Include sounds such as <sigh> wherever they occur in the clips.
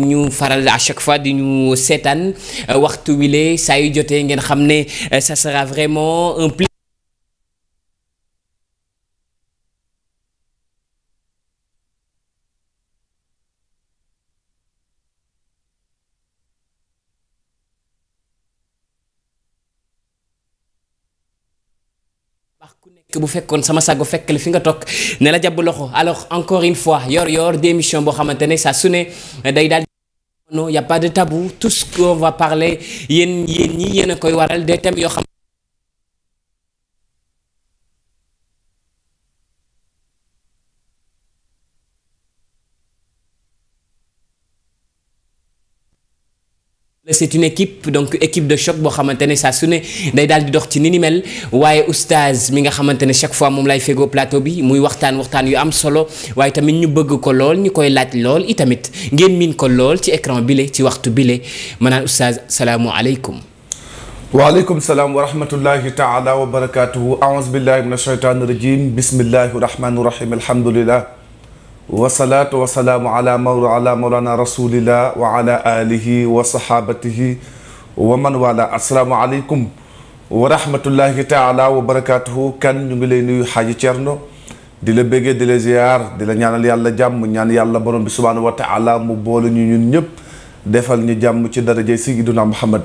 ñu faral à chaque fois di ñu seetaan euh, waxtu wile saa jotee ngeen xam ne euh, ça sera vraiment un plaisir bu fekkoon sama sago fekk la fi nga toog ne la jàpp loxo alors encore une fois yor yor di boo xamante ne saa su ne euh, day daal non y a pas de tabou tout ce qu'on va parler yéen yéen ñi yéen a koy waral des thèmes yoo xam c'est une équipe donc équipe de choc boo xamante ne saa su ne day daal di dox ci ni ni mel waaye oustaz mi nga xamante ne chaque fois moom lay fegoo plateau bi muy waxtaan waxtaan yu am solo waaye tamit ñu bëgg ko lool ñu koy laaj lool i tamit ngeen miin ko lool ci écran bile ci waxtu bile ma naan oustaz salaamualeykum. waaleykum salaam wa rahmatullahi taala wa barakaatuhu. aouzu billahi min ashaytaani rajim bismillahi rahmaani rahim alhamdulillah. wasalaatu wasalaamu ala mawlu ala mawlana rasulillah wa ala alihi wa sahabatihi wa man wala asalaamualeykum wa rahmatullahi taala wa barakaatuhu kan ñu ngi lay nuyu xaaji Cerno di la béggee di la ziar di la ñaanal yàlla jàmm ñaan yàlla borom bi subhaanahu wa mu boole ñu ñun ñëpp defal ñu jàmm ci daraje Sayyidina Muhammad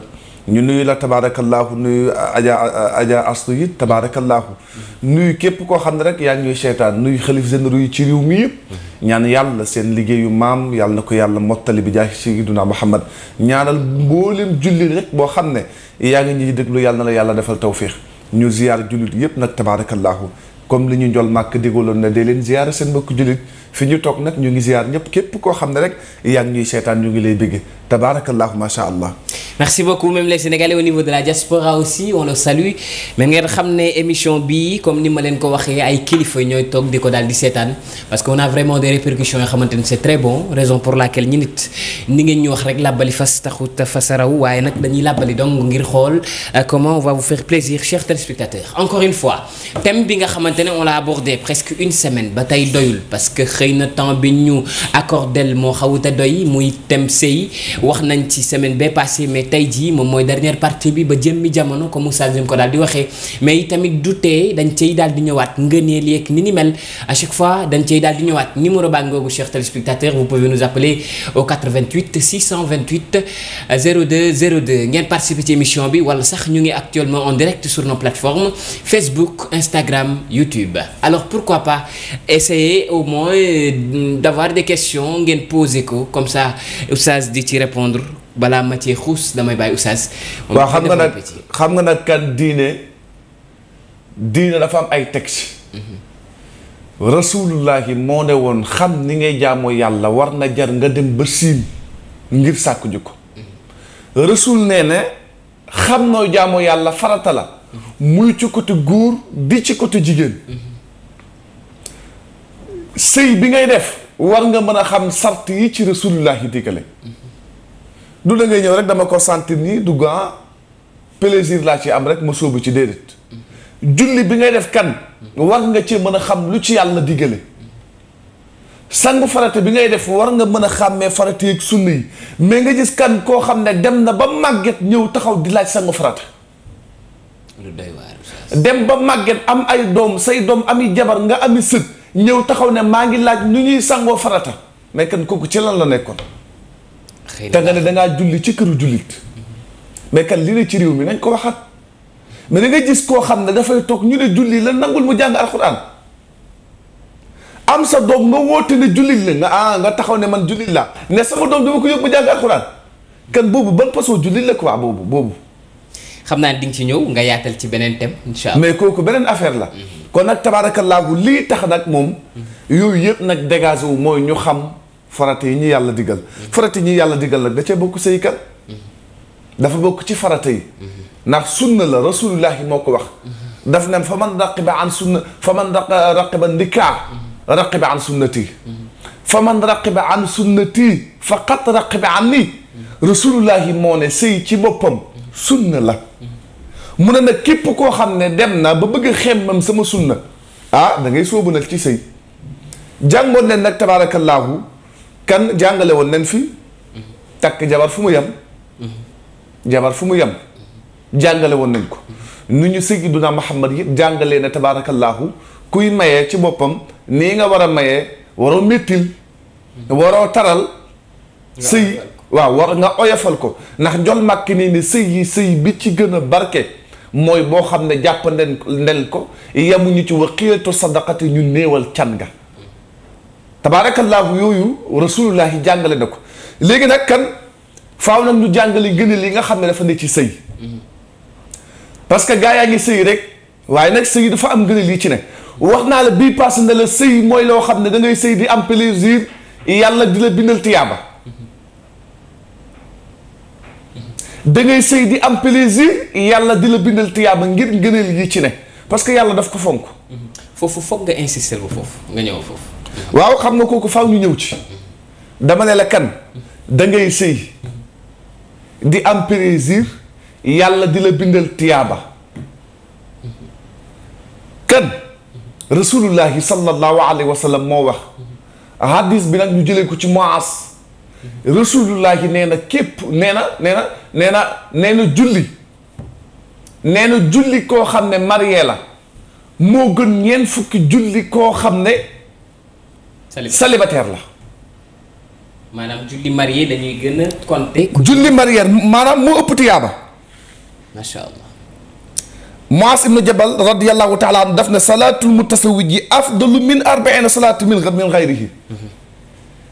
ñu nuyu la tabaarakallaahu nuyu aja aja astu it tabaarakallaahu nuyu képp koo xam ne rek yaa ngi ñuy seetaan nuyu xalif généraux yi ci réew mi yëpp ñaan yàlla seen liggéeyu maam yàlla na ko yàlla mottali bi si jaay sayyiduna Muhammad ñaanal mboolem jullit rek boo xam ne yaa ngi ñuy déglu yàlla na la yàlla defal tawfiix ñu ziyaar jullit yëpp nag tabaarakallaahu comme li ñu njol màkk digaloon na dee leen ziyaara seen mbokk jullit fi ñu toog nag ñu ngi ziar ñëpp képp koo xam ne rek yaa ngi ñuy seetaan ñu ngi lay bégg tabarakallahu macha allah. merci beaucoup même les Sénégalais au niveau de la diaspora aussi on le salue mais ngeen xam émission bi comme ni ma leen ko waxee ay kilifa ñooy toog di ko daal di seetaan parce que on a vraiment des répercussions yoo xamante ni c'est très bon raison pour laquelle ñi nit ni ngeen ñu wax rek làbbali fas taxut fasaraw waaye nag dañuy xool euh, comment on va vous faire plaisir chers téléspectateurs encore une fois thème bi nga xamante ne ba tey doyul xëy na temps bi ñu accordel moo xawut a doy muy thème sëy wax nañ ci semaine bee passée mais tey jii moom mooy dernière partie bi ba jëmmi jamono comme Oustaz Alioune ko daal di waxee mais itamit du tee dañ cay daal di ñëwaat ngëneel yeeg ni ni mel à fois dañ cay daal di ñëwaat numéro baa ngoogu chers téléspectateurs vous pouvez nous appeler au 88 628 02 02 ngeen participer ci émission bi wala sax ñu ngi actuellement en direct sur nos plateformes Facebook Instagram YouTube alors pourquoi pas essayer au moins d'avoir de question ngeen poser ko comme ça oustaz di ci répondre balaa ma ci xuus damay bàyyi oustaz. waaw xam nga nag xam nga nag kan diine diine dafa am ay texte. Mhm. rasulullahi moo ne woon xam ni ngay jaamoo yàlla war na jar nga dem ba siin ngir sàkku ji ko. Mhm. rasul nee ne xam noo jaamoo yàlla farata mhm. muy ci côté góor di ci côté jigéen. sëy bi ngay def war nga mën a xam sart yi ci rasulullah yi diggale du da ngay ñëw rek dama ko sentir nii du gaa plaisir laa ci am rek ma sóobu ci déedéet julli bi ngay def kan war nga ci mën a xam lu ci yàlla diggale sangu farata bi ngay def war nga mën a xàmmee farata yeeg sunna yi mais nga gis kan koo xam ne dem na ba màgget ñëw taxaw di laaj sangu farata lu doy waar dem ba màgget am ay doom say doom ami jabar nga ami sët ñëw taxaw ne maa ngi laaj ñu ñuy sangoo farata mais kan kooku ci lan la nekkoon. te nga ne dangaa julli ci këru jullit. mais kan li ne ci réew mi nañ ko waxat mais da gis koo xam ne dafay toog ñu ne julli la nangul mu jàng alxuraan am sa doom nga woote ne jullit la nga ah nga taxaw ne man jullit laa ne sama doom dama ko yóbbu mu jàng alxuraan kan boobu ban façon jullit la quoi boobu boobu. xam naa di nga ci ñëw nga yaatal ci beneen thème incha allah mais kooku beneen affaire la mhm. kon nag tabaarakallaahu lii tax nag moom mhm. yooyu yëpp nag dégagé wu mooy ñu xam farata yi ñu yàlla digal mhm. farata yi ñu yàlla digal nag da cee bokk say kan dafa bokk ci farata yi ndax sunna la rasulullahi moo ko wax daf ne fa man raqiba an sunna fa man raqiba ndikaa raqiba an sunnati fa man raqiba an sunnati faqat raqiba an nii rasulullahi moo ne sëy ci boppam sunna la mu ne nag képp koo xam ne dem na ba bëgg xemmam sama sunna ah da ngay sóobu nag ci sëy jàngoon nen nag tabaarakallaahu kan jàngale woon nen fi takk jabar fu mu yem jabar fu mu yem jàngale woon nañ ko nu ñu sayyiduna Muhammad yëpp jàngalee ne tabaarakallaahu kuy mayee ci boppam nii nga war a mayee waroo méttil waroo taral sëy waaw war nga oyofal ko ndax jol màkk nii ne sëy yi sëy bi ci gën a barke mooy boo xam ne jàpp nden ndel ko yemuñu ci waqiyatu sadaqati ñu néewal can ga tabaarakallaahu yooyu rasulullahi jàngale na ko léegi nag kan faaw nag ñu jàngale gën li nga xam ne dafa ne ci sëy parce que gaa yaa ngi sëy rek waaye nag sëy dafa am gën yi ci ne wax naa la bii passé na la sëy mooy loo xam ne da ngay sëy di am plaisir yàlla di la bindal tiyaaba da ngay sëy di am plaisir yàlla di la bindal tiyaaba ngir ngëneel yi ci ne parce que yàlla daf ko fonk. foofu foog nga insister bu foofu nga ñëw foofu. waaw xam nga kooku faw ñu ñëw ci. dama ne la kan da ngay sëy di am plaisir yàlla di la bindal tiyaaba kan rasulullahi sallallahu alayhi wa sallam moo wax hadis bi nag ñu jëlee ko ci Muaz. rasulullahi nee na képp nee na nee na na nee na julli nee na julli koo xam ne marié la moo gën ñeent fukki julli koo xam ne célibataire la maanaam julli marié dañuy gën a compter julli marié maanaam moo ëpp tiyaaba macha allah Muas ibnu Jabal radiyallahu taala anu daf ne salaatul mutasawwiji afdalu min arbaina salaatu min min xayrihi mhm.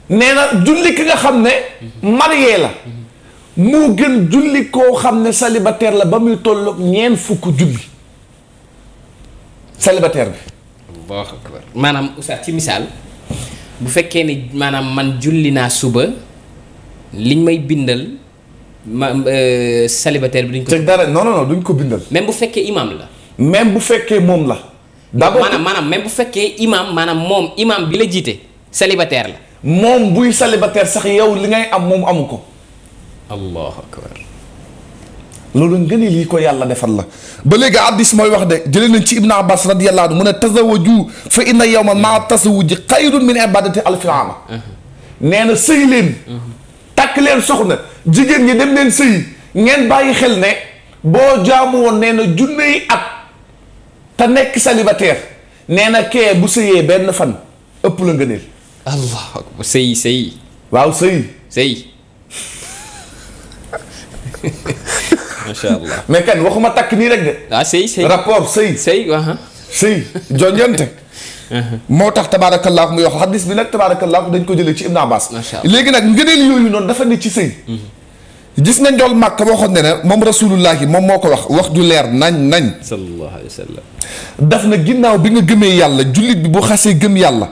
nee na julli ki nga xam ne marie la moo gën julli koo xam ne célibataire la ba muy tolloog ñeent fukk julli célibataire bi maanaam oustaz ci misaal bu fekkee ni maanaam man julli naa suba liñ may bindal ma euh, célibataire bi duñ ko. teg dara non non duñ ko bindal. même bu fekkee imam la. même bu fekkee moom la. d'abord maanaam maanaam même bu fekkee imam maanaam moom imam bi la jiite célibataire la. moom buy salibateer sax yow li ngay am moom amu ko allahu akbar loolu ngëneel yi ko yàlla defal la ba léegi addis mooy wax de jëlee nañ ci ibnu abbas radiyallahu anhu mu ne tazawaju fa inna yawma maa tazawuji xayrun min ibadati alfi ama nee na sëy leen takk leen soxna jigéen ñi dem leen sëy ngeen bàyyi xel ne boo jaamu woon nee na junney at te nekk célibataire nee na kee bu sëyee benn fan ëpp la ngëneel allah akbar sëy sëy waaw sëy sëy macha allah <laughs> mais kan waxuma takk nii rek de ah sëy sëy rapport sëy sëy sëy jonjante moo tax tabaarakallaahu muy wax xadis bi nag tabaarakallaahu dañ ko jële ci Ibn Abbas léegi nag ngëneel yooyu noonu dafa ne ci sëy mhm. gis nga njool màkk xam ne ne moom rasulullahi moom moo ko wax wax ju leer nañ nañ sallallahu alayhi wa daf na ginnaaw bi nga gëmee yàlla jullit bi bu xasee gëm yàlla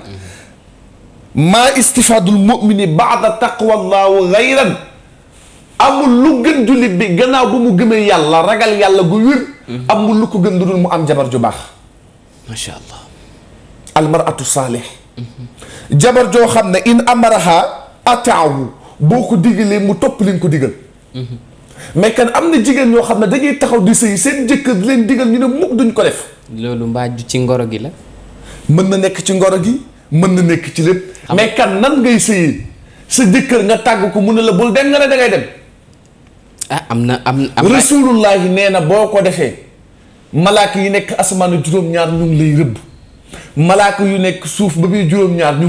maa istifaadul mumini baada taqwallaahu xayran amul lu gën jullit bi gannaaw bu mu gëmee yàlla ragal yàlla gu wér mhm. amul lu ko gën lu dul mu am jabar ju baax macha allah almaratu saalih mhm. jabar joo xam ne in amaraha ataahu boo ko digalee mu topp li ko digal mhm. mais kan am na jigéen ñoo xam ne dañuy taxaw di sëy seen jëkkër leen digal ñu ne mukk duñ ko def loolu mbaa ci ngoro gi la mën na nekk ci ngoro gi mën na nekk ci lépp. mais kan nan ngay sëyi sa jëkkër nga tàgg ko mu ne la bul dem nga ne dangay dem. ah am na am am rasulullahi nee na boo ko defee. malaaka yi nekk asamaanu juróom-ñaar ñu ngi lay rëbb. malaaka yu nekk suuf ba muy juróom-ñaar ñu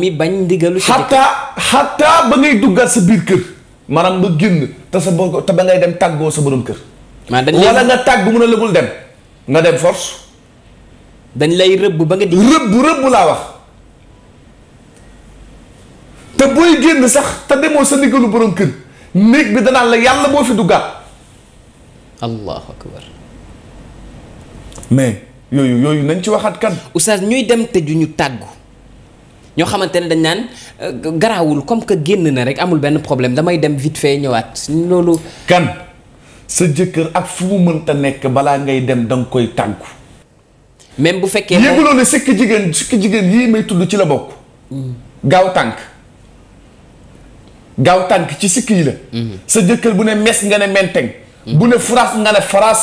mi bañ ndigalu. xataa xataa ba ngay duggaat sa biir kër. maanaam nga génn te sa borom te ba ngay dem tàggoo sa borom kër. wala nga tàgg mu la bul dem. nga dem force. dañ lay rëbb ba nga di rëbb rëbb laa wax te booy génn sax te demoo sa ndigalu borom kër néeg bi danaan la yàlla boo fi duggaat allahu akbar mais yooyu yooyu nañ ci waxaat kan oustaz ñuy dem te ju ñu tàggu ñoo xamante ne dañ naan euh, garaawul comme que génn na rek amul benn problème damay dem vite fait ñëwaat loolu kan sa jëkkër ak fu mu mënta nekk balaa ngay dem danga koy tàggu même bu fekkee. yëguloo ne sikki jigéen sikki jigéen yii may tudd ci la bokk. Hmm. gaaw tànk. gaaw tànk ci sikki yi la. Hmm. sa jëkkër bu ne mes nga ne menteng. bu ne fras nga ne fras.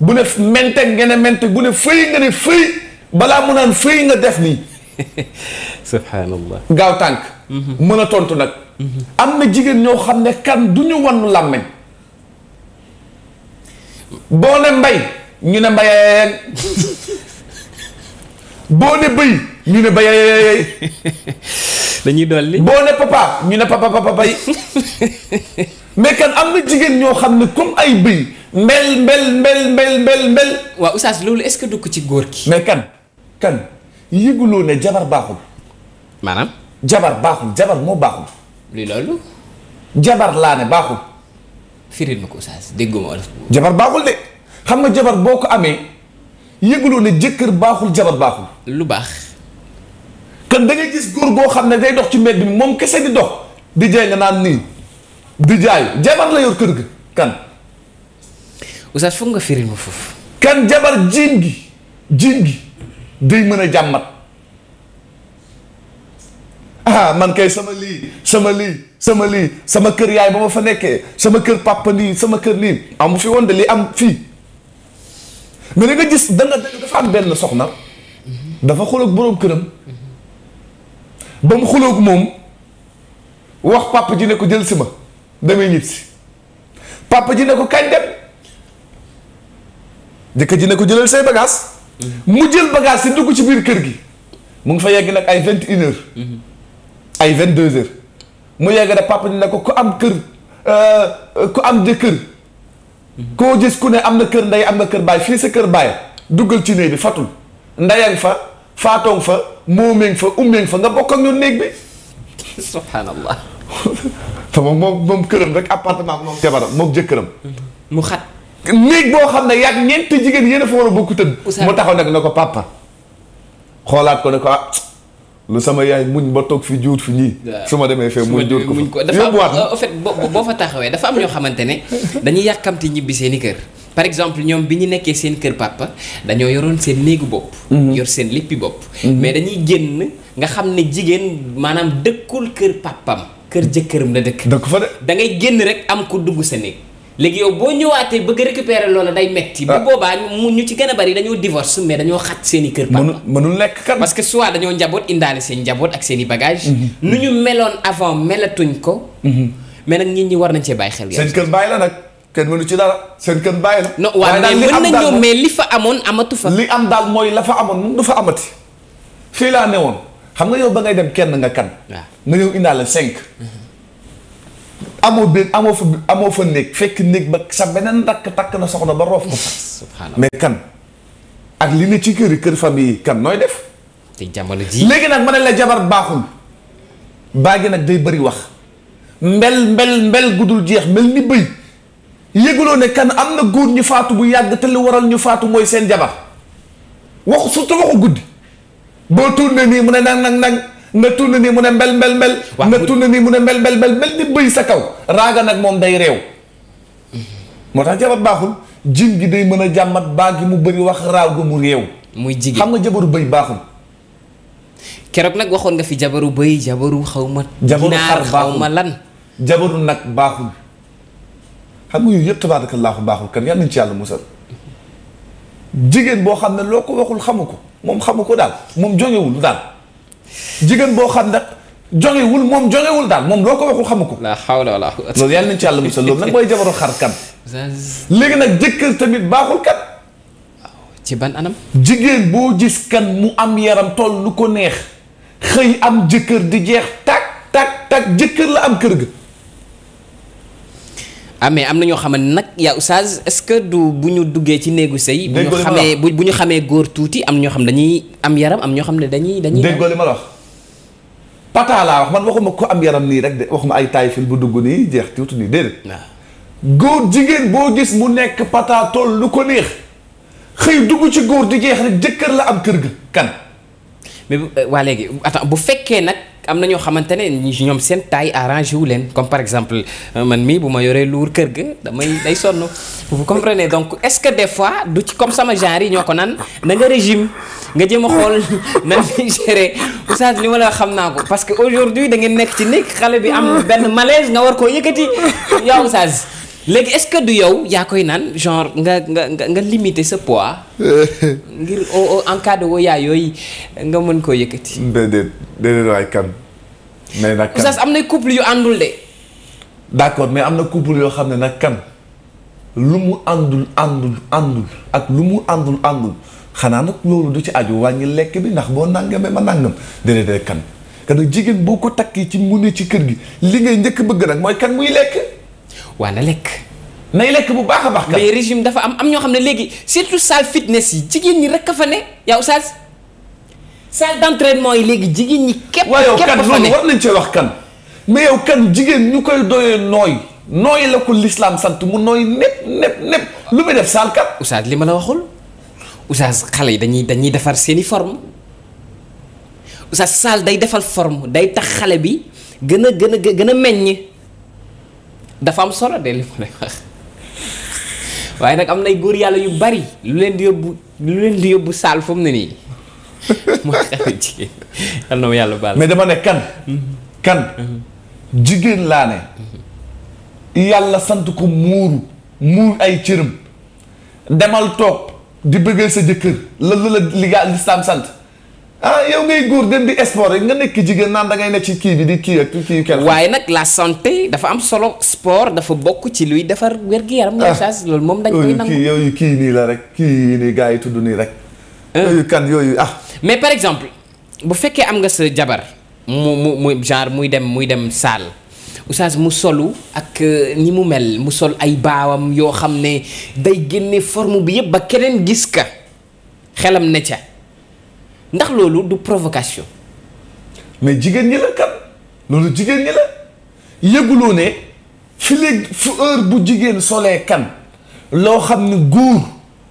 bu ne menteng nga ne menteng bu ne fëy nga ne fëy balaa mu naan fëy nga def nii. <laughs> subhanallah gaaw tànk. Hmm. mën a tontu nag. am na jigéen ñoo xam ne kan du ñu wan làmmeñ. boo ne mbay ñu ne mbayeen <laughs> boo ne bëy ñu ne béy <laughs> dañuy dolli boo ne papa ñu ne papa papa bay <laughs> am na jigéen ñoo xam ne comme ay bëy mbel mbel mbel mbel mbel mbel. waaw oustaz loolu est-ce que du ko ci góor ki. mais kan kan yëguloo ne jabar baaxul. maanaam. jabar baaxul jabar moo baaxul. li loolu. jabar laa ne baaxul. firil ma ko oustaz dégguma wala. jabar baaxul de xam nga jabar boo ko amee. yëguloo ne jëkkër baaxul jabar baaxul. lu baax. kan da gis góor goo xam ne day dox ci mbedd bi moom kese di dox di jaay naan nii di jaay jabar la yor kër gi kan. oustaz foog nga firil foofu. kan jabar jiin gi jiin gi day mën a jàmmat ah man kay sama lii sama lii sama lii sama kër yaay ba ma fa nekkee sama kër papa lii sama kër lii amu fi woon de am fii. mais da nga gis da dafa am benn soxna. dafa xuloog boroom këram. ba mu xuloog moom wax papa ji ne ko jël si ma damay ñib si papa ji ne ko kañ dem jëkkër ji ne ko jëlal say bagages. mu jël bagage si dugg ci biir kër gi mu ngi fa yegg nag ay vingt une heures ay vingt deux heures mu yegg nag papa ji ne ko ku am kër euh, ku am jëkkër koo gis ku ne am na kër ndey am na kër baay fii sa kër baay duggal ci néeg bi fatul ndeyang fa faatong fa moomeeng fa ummeeng fa nga bokk ak ñun néeg bi. <laughs> subhanallah. <laughs> te moom moom moom këram rek appartement moom jabaram moom jëkkëram. Mm-hmm. mu xat. néeg boo xam ne yaag ñeenti jigéen yéen a fa war a bokk tëdd. mu taxaw nag ne ko papa. xoolaat ko ne ko ah. lu sama yaay muñ ba toog fi juut fi ñii. su ma demee fee muñ juut ko fa dafa en fait boo fa taxawee dafa am ñoo xamante ne dañuy yàkkamti ñibbi seeni kër. par exemple ñoom bi ñu nekkee seen kër papa dañoo yoroon seen néegu bopp. Mhm. yor seen lippi bopp. Mhm. mais dañuy génn nga xam ne jigéen maanaam dëkkul kër papam kër jëkkëram la dëkk. dëkk fa de. da ngay génn rek am ku dugg sa néeg. léegi yow boo ñëwaatee bëgg récupérer loola day metti bu ah. boobaa mu ñu ci gën a bari dañoo divorce mais dañoo xat seeni kër papa mënul nekk kan parce que soit dañoo njaboot indaale seen njaboot ak seen i bagage mhm. Mhm. nu ñu meloon avant melatuñ ko mhm. mais nag nit ñi war nañ cee bàyyi xel seen kër bàyyi la nag kenn mënu ci dara seen kër bàyyi la non waaw mais mais li fa amoon amatu fa li am daal mooy la fa amoon moom du fa amati fii laa woon xam nga yow ba ngay dem kenn nga kan nga ñëw indaale cinq amoo biir amoo fa amoo fa néeg fekk néeg ba sa beneen rakk takk na soxna ba roof ko mais kan ak li ne ci kër yi kër famille kan nooy def léegi nag ma ne la jabar baaxul baa gi nag day bëri wax mbel mbel mbel guddul jeex mel ni bëy yëguloo ne kan am na góor ñu faatu bu yàgg te li waral ñu faatu mooy seen jabar waxu surtout waxu guddi boo tourné nii mu ne nang nang nang nga tund ni mu ne mbel mbel mbel nga tund ni mu ne mbel mbel mbel mbel bëy sa kaw raaga nag moom day réew mhm. moo tax jabar baaxul jin gi day mën a jàmmat baa gi mu bëri wax raaw mu réew muy jigéen xam nga jabaru bëy baaxul keroog nag waxoon nga fi jabaru bëy jabaru xaw ma jabaru xar xaw ma nag baaxul xam nga baaxul kan yàlla ci yàlla musal jigéen boo xam ne loo ko waxul xamu ko moom xamu ko daal moom jógewul daal jigéen boo xam nag jongewul moom jongewul daal moom loo ko waxul xamu ko. la hawla wala quwwata. loolu yàlla nañ ci yàlla musal loolu nag mooy jabaru xar kan. léegi nag jëkkër tamit baaxul kan. ci ban anam. jigéen boo gis kan mu am yaram toll lu ko neex xëy am jëkkër di jeex tak tak tak jëkkër la am kër ga. amee ah, am na ñoo xam nag yaa oustaz est-ce que du bu ñu duggee ci néegu sëy bu ñu xamee bu ñu xamee góor tuuti am ñoo xam ne dañuy am yaram am ñoo xam ne dañuy dañuy déggoo li ma la wax pata laa wax man waxuma ko am yaram nii rek de waxuma ay taay fil bu dugg nii jeex tuuti nii déedéet góor jigéen boo gis mu nekk pata tool lu ko neex xëy dugg ci góor di jeex rek jëkkër la am kër ga kan mais euh, waa léegi attends bu fekkee nag am na ñoo xamante ne ñoom seen taille arrangé wu leen comme par exemple euh, man mii bu ma yoree luur kër ga damay day sonn vous comprenez donc est-ce que des fois du ci comme sama genre ñoo ko naan na nga régime nga jëm a xool <laughs> nan ngay gérer oustaz li ma la xam naa ko parce que aujourd'hui da ngeen nekk ci nekk xale bi am benn malaise nga war koo yëkkati yow oustaz léegi est-ce que du yow yaa koy naan genre nga nga nga limiter sa pois <laughs> ngir en cas de woyaa yooyu nga mën koo yëkkati. déedéet déedéet waay kan. mais nag kan oustaz am na couple yu àndul de. mais am na couple yoo xam ne nag kan lu mu àndul àndul àndul ak lu mu àndul àndul xanaa nag loolu du ci aju wàññi lekk bi ndax boo nangamee ma nangam déedéet kan. kan jigéen boo ko takki ci mu ci kër gi li ngay njëkk bëgg nag mooy kan muy lekk. waa na lekk. nay lekk bu baax a baax. mais régime dafa am am ñoo xam ne léegi surtout salle fitness yi jigéen ñi rek ka fa ne yow Oustaz salle d'entraînement yi léegi jigéen ñi. képp képp fa ne war nañ cee wax kan. mais yow kan jigéen ñu koy doyee nooy nooy la ko lislaam sant mu nooy népp népp népp lu muy def salle kat. Oustaz li ma la waxul Oustaz xale yi dañuy dañuy defar seeni form Oustaz salle day defal forme day tax xale bi gën a gën a gën a meññ. dafa am solo de li ma lay waaye nag am ay góor yàlla yu bari lu leen di yóbbu lu leen di yóbbu saal fu ne nii <laughs> mooy xale jigéen yal mais dama ne kan mhm. Mhm. jigéen laa ne mhm. yàlla sant ko muuru muur ay cëram demal toog di bëggee sa jëkkër la la la li lislaam sant ah yow ngay góor dem di sport rek nga nekk jigéen naan da ngay nekk ci kii bi di kii ak waaye nag la santé dafa am solo sport dafa bokk ci luy defar wér-gu-yaram. ah loolu moom dañ koy yooyu kii nii la rek kii nii gars yi tudd nii rek. yooyu kan yooyu ah. mais par exemple bu fekkee am nga sa jabar mu mu mu muy dem muy dem salle. Oustaz mu solu ak euh, ni mu mel mu sol ay baawam yoo xam ne day génne forme bi yëpp ba keneen gis ka xelam ne ca ndax loolu du provocation. mais jigéen ñi la kat loolu jigéen ñi la yëguloo ne fi léegi fu heure bu jigéen solee kan loo xam ne góor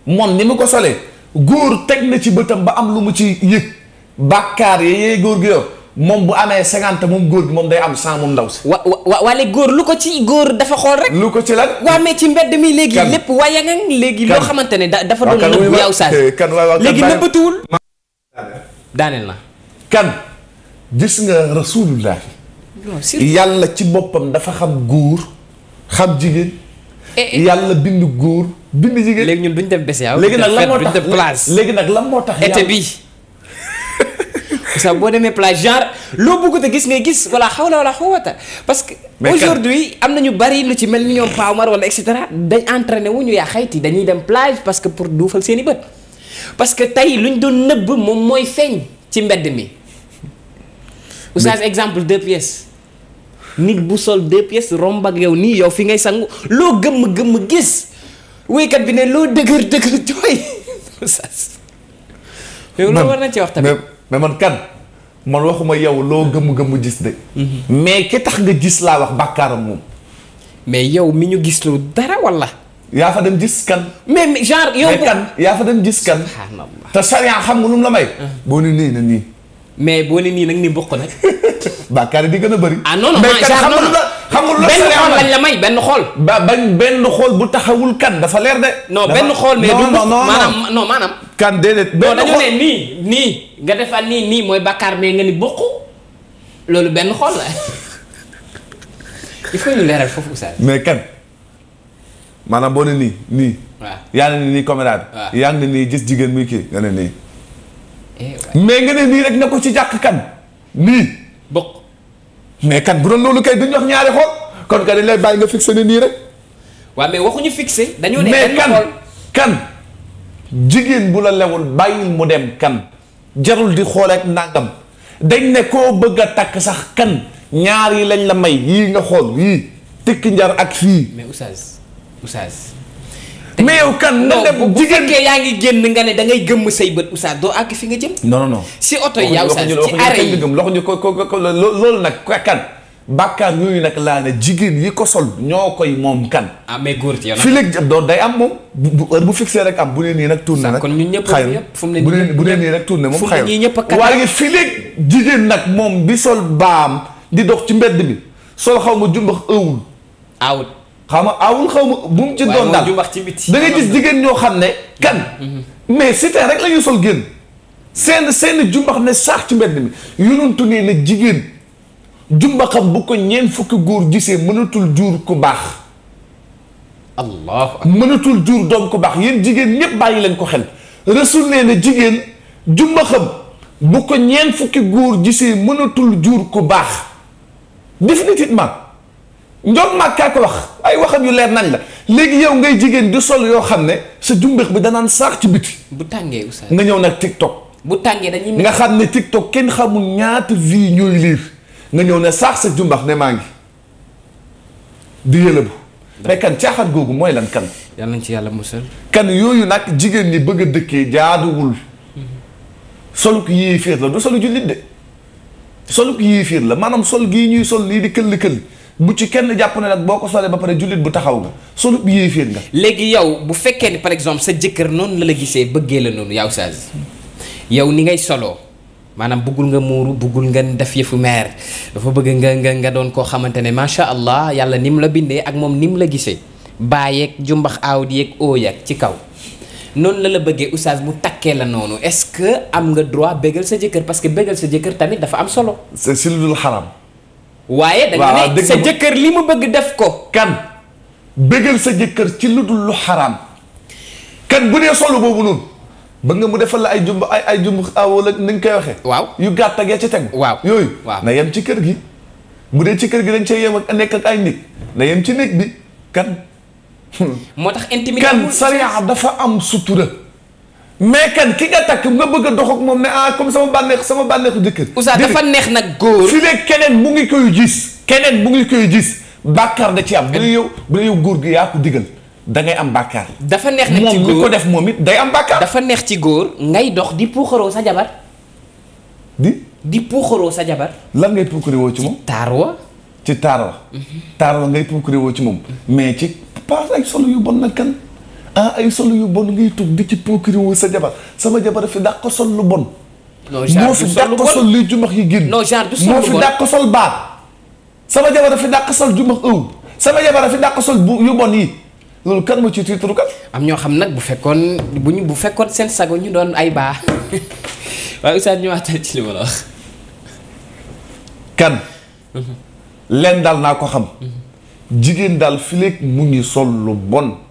moom ni mu ko solee góor teg na ci bëtam ba am lu mu ci yëg bàkkaar yee góor gi yor moom bu amee cinquante moom góor gi moom day am cent moom ndaw si. wa wa wala góor lu ko ci góor dafa xool rek. lu ko ci lan. waaw mais ci mbedd mi léegi. lépp waaye nga léegi. loo xamante ne dafa doon nëbbu yaw saa léegi nëbbatuwul. daaneel na. kan gis nga rasulullah. yàlla ci boppam dafa xam góor xam jigéen. Eh, eh. yàlla bind góor bind jigéen. léegi ñun duñ def bés yaaw. léegi nag lan moo tax place léegi nag lan moo tax. été bi sa <laughs> boo demee plage genre loo bëggut a gis ngay gis wala xawla wala xuwata parce que. aujourd'hui am na ñu bari lu ci mel ni ñoom Paa Omar wala et cetera dañ entraîné wu ñu yaa xayti dañuy dem plage parce que pour duufal seeni bët. parce que tey lu ñu doon nëbb moom mooy feeñ ci mbedd mi oustaz exemple de pièces nit bu sol deux pièces romb ak yow nii yow fi ngay sangu loo gëmm-gëmm gis wéykat bi ne loo dëgër dëgër <laughs> jooy oustaz yow war na ci wax tamit mais man kan man waxuma yow loo gëmm-gëmm gis de mhm. mais ki nga gis laa wax bàkkaaram moom mais yow mi ñu gis lu dara walla yaa fa dem gis kan. mais genre yow. mais kan yaa fa dem gis te sariya xam nga lu mu la may. Ah. boo ne nii mais boo nii nag nii bokk nag. <laughs> bàkkaar di gën a bari ah non non mais kan xam nga may benn xool. benn xool bu taxawul kan dafa leer de. non benn xool mais du maanaam maanaam. kan déedéet benn nii nii nga defaat nii nii mooy bàkkaar mais nga ni bokk loolu benn xool la <laughs> il faut ñu leeral foofu oustaz mais kan. maanaam boo ne nii nii. yàlla yaa ne nii caméra bi. yaa ne nii gis jigéen muy kii nga ne nii. Eh, mais nga ne nii rek ne ko ci jàkk kan. nii. bokk mais kan bu doon loolu kay duñ wax ñaari xool kon ka lay bàyyi nga fixé ne nii rek. waaw mais waxuñu fixé. dañoo ne mais kan kan. jigéen bu la lewul bàyyil mu dem kan. jarul di xool ak nangam. dañ ne koo bëgg a takk sax kan. ñaar yi lañ la may yii nga xool yii. tikki njar ak fii. mais oustaz. mais kan nga dem bu fekkee yaa ngi génn nga ne da ngay gëmm say bët oustaz doo àgg fi nga jëm. non non si oto yi yaa oustaz ci arrêt yi loxuñu ko ko ko loolu nag kan. bàkkaar yooyu nag laa ne jigéen yi ko sol ñoo koy moom kan. ah mais góor ci yow nag day am moom bu bu heure bu fixé rek am bu nee nii nag tourné nag. kon ñun ñëpp ñëpp fu mu ne bu nee bu nee nii rek tourné moom xayma waaye fii léegi jigéen nag moom bi sol baam di dox ci mbedd bi sol xaw ma jumbax ëwul awut xaw ma awul xaw ma bu mu ci doon daal da ngay gis jigéen ñoo xam ne kan mm-hmm. mais cité rek la ñuy sol génn seen seen jumbax ne saax ci mbedd mi yonantu ne jigéen jumbaxam bu ko ñeent fukki góor gisee mënatul jur ku baax allah jur doom baax yéen jigéen ñépp bàyyi leen ko xel rasul nee na jigéen jumbaxam bu ko ñeent fukki góor gisee mënatul jur ku baax définitivement njool maag kaa wax ay waxam yu leer nañ la léegi yow ngay jigéen di sol yoo xam ne sa jumbéex bi danaan saax ci biti. bu tàngee oustaz nga ñëw nag TikTok. bu tàngee dañuy nga xam ne TikTok kenn xamul ñaata vie ñooy liir nga ñëw ne saax sa jumbax ne maa ngi di yëlëbu. mais kan caaxaan googu mooy lan kan. yàlla nañ ci yàlla musal. kan yooyu nag jigéen ñi bëgg a dëkkee jaaduwul. Mm-hmm. solu ko yii fiir la du solu jullit de. solu ko yii fiir la maanaam sol gii ñuy sol lii di këll këll. bu ci kenn jàpp na nag boo ko solee ba pare jullit bu taxaw nga solu bi yéeféer nga léegi yow bu fekkee ni par exemple sa jëkkër noonu la la gisee bëggee la noonu yow saas yow ni ngay soloo maanaam bëggul nga muuru bëggul nga def yëfu meer dafa bëgg nga nga nga doon koo xamante ne macha allah yàlla ni mu la bindee ak moom ni mu la gisee bàyyeeg jumbax aaw di yeeg ci kaw noonu la la bëggee oustaz mu takkee la noonu est-ce que am nga droit bégal sa jëkkër parce que bégal sa jëkkër tamit dafa am solo. c'est silbul xaram. waaye da nga ne sa jëkkër li mu bëgg def ko. kan bëggal sa jëkkër ci lu dul lu xaraam kan bu dee solo boobu noonu ba nga mu defal la ay jumb ay ay jumb ah, wala ni nga koy waxee. waaw yu gàtt ak ya ci tegu. waaw yooyu. waaw na yem ci kër gi. bu dee ci kër gi dañ cee yem ak nekk ay nit na yem ci néeg bi kan. moo tax intimité kan sariya dafa am sutura. mais kan ki nga takk nga bëgg a dox ak moom ne ah comme sama bànneex sama bànneexu jëkkër. oustaz dafa neex nag góor. fi ne keneen mu ngi koy gis. keneen mu ngi koy gis bàkkaar la ci am. bu dee yow bu dee yow góor gi yaa ko digal da am bàkkaar. dafa neex nag ci góor def moom it day am bàkkaar. dafa neex ci góor ngay dox di puuxaroo sa jabar. di. di puuxaroo sa jabar. lan ngay puuxaree woo ci moom taar wa. ci taar wa. Mhm. taar wa ngay puuxaree woo ci moom. mais ci paas ak solo yu bon nag kan. ah ay sol yu bon ngay tug di ci procuré sa jabar sama jabar fi dàq sol lu bon. non genre du sol lu bon moo fi dàq sol lu bon moo fi dàq ko sol baat. sama jabar fi dàq sol jumax ëw sama jabar fi dàq sol bu yu bon yi. loolu kan ma ci titre kat. am ñoo xam nag bu fekkoon bu bu fekkoon seen sago ñu doon ay baax <laughs> waaye ñu wax. kan. Mhm. leen daal naa ko xam. Mhm. jigéen daal fileeg mu ngi sol lu bon.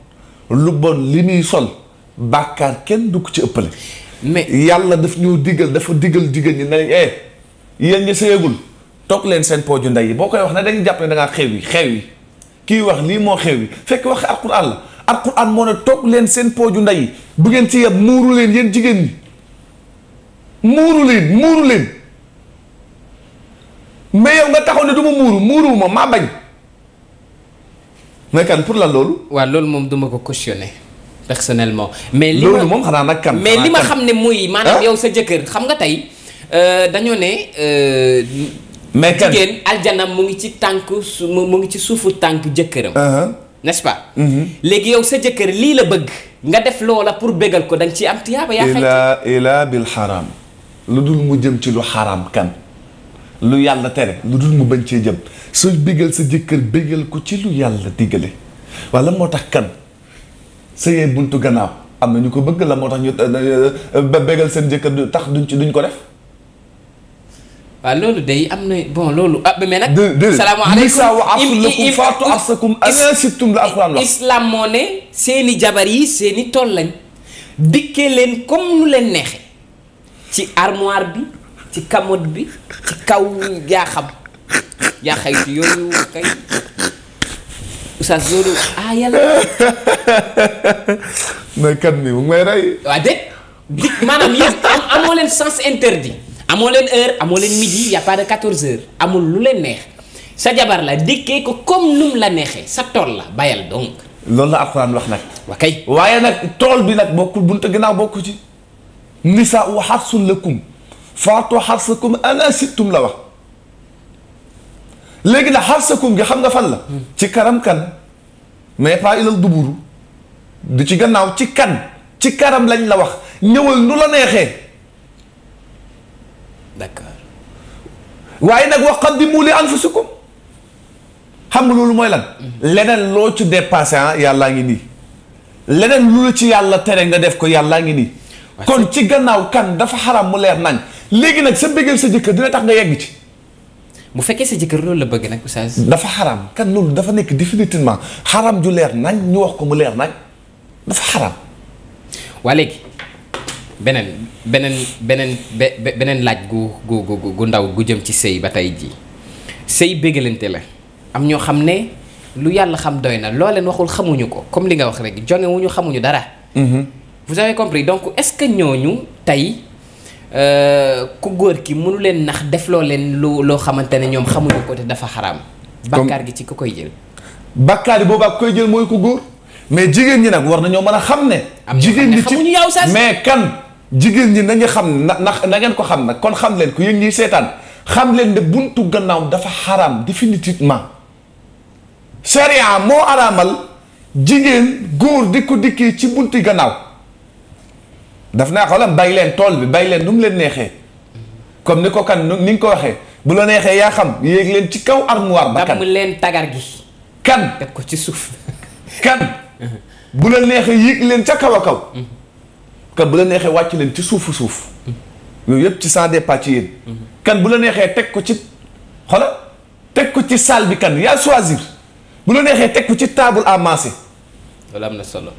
lu bon li muy sol bàkkaar kenn du ko ci ëppale. mais yàlla daf ñu diggal dafa diggal jigéen ñi ne eh yéen ñi sëyagul toog leen seen pooju ndey yi boo koy wax ne dañuy jàpp ne da xew yi xew yi kii wax lii moo xew yi fekk wax alquran la alquran moo ne toog leen seen pooju nday yi bu ngeen ci yeb muuru leen yéen jigéen ñi muuru leen muuru leen mais yow nga taxaw ne du ma muuru muuru ma maa bañ. mais kan pour lan loolu. waaw loolu moom duma ko cautionner personnellement. mais li ma moom xanaa nag kan. mais li ma xam ne muy. maanaam ah? yow sa jëkkër xam nga tey euh, dañoo ne. Euh, mais kan jigéen aljanam mu ngi ci tànk su mu ngi ci suufu tànk jëkkëram. Uh-huh. n'est-ce pas. Mm-hmm. léegi yow sa jëkkër lii la bëgg. nga def loola pour bégal ko da nga ciy am tiyaaba yaa. xayma ilaa ilaa bil xaraam. lu dul mu jëm ci lu xaraam kan. lu yàlla tere lu dul mu bañ cee jëm suñ bégal sa jëkkër bégal ko ci lu yàlla diggale wala moo tax kan sëyee buntu gannaaw am na ñu ko bëgg la moo tax ñu euh, euh, bégal seen jëkkër du tax duñ ci duñ ko def waaw loolu day am na bon loolu ah mais nag salaamaaleykum faatu asakum anasittum la alquran wax islam moo ne seeni jabar yi seeni tool lañ dikkee leen comme nu leen neexe ci armoire bi ci kamot bi ci kaw yaa xam yaa xaytu yooyu kay oustaz loolu ah yàlla. <laughs> kat mi mu ngi may rey. waaw dégg amoo leen sens interdit. amoo leen heure amoo leen midi y' a pas de amul lu leen neex sa jabar la dikkee ko comme num la neexee sa tool la bayal donc. loolu la alxuraan wax nag. wa kay waaye nag tool bi nag bokkul buntu ginnaaw bokku ci. nisaa u xarsun lakum faatu xarsakum ana sittum la wax léegi nag xarsakum gi xam nga fan la ci karam kan mais pas ilal duburu du ci gannaaw ci kan ci karam lañ la wax ñëwal nu la neexee d'accord waaye nag wax qaddimu li anfusikum xam nga loolu mooy lan leneen loo ci dépassé ah yàllaa ngi nii leneen lu la ci yàlla tere nga def ko yàllaa ngi nii kon ci gannaaw kan dafa xaram mu leer nañ léegi nag sa bëggal sa jëkkër dina tax nga yegg ci. bu fekkee sa jëkkër loolu la bëgg nag oustaz. dafa xaram kan loolu dafa nekk définitivement xaraam ju leer nag ñu wax ko mu leer nag dafa xaraam. waa léegi beneen beneen beneen be beneen laaj gu gu gu gu ndaw gu jëm ci sëy ba tey jii sëy bëggalante la am ñoo xam ne lu yàlla xam doy na loo leen waxul xamuñu ko comme li nga wax rek jonge wuñu xamuñu dara. Mm-hmm. vous avez compris donc est-ce que ñooñu tey. Euh, ku góor ki mënu leen nax defloo leen lu loo xamante ne ñoom xamuñu ko te dafa xaraam. bàkkaar gi ci ku koy jël. bàkkaar yi boobaa koy jël mooy ko góor mais jigéen ñi nag war nañoo mën a xam ne. jigéen ñi ci mais kan. jigéen ñi nañu xam na na ngeen ko xam nag kon xam leen ku yéen ñiy seetaan xam leen ne buntu gannaaw dafa xaraam définitivement. sharia moo araamal jigéen góor di ko dikkee ci bunti gannaaw. daf naa xoolam bàyyi leen tool bi bàyyi leen nu mu leen neexee comme ni ko kan ni nga ko waxee bu la neexee yaa xam yéeg leen ci kaw armoire ba kan leen tagar gi kan def ko ci suuf kan bu la neexee ca kaw a kaw kan bu la neexee wàcc leen ci suufu suuf yooyu yëpp ci sans départ ci yéen kan bu la neexee teg ko ci xoola teg ko ci salle bi kan yaa choisir bu la neexee teg ko ci taabul à manger loolu am na solo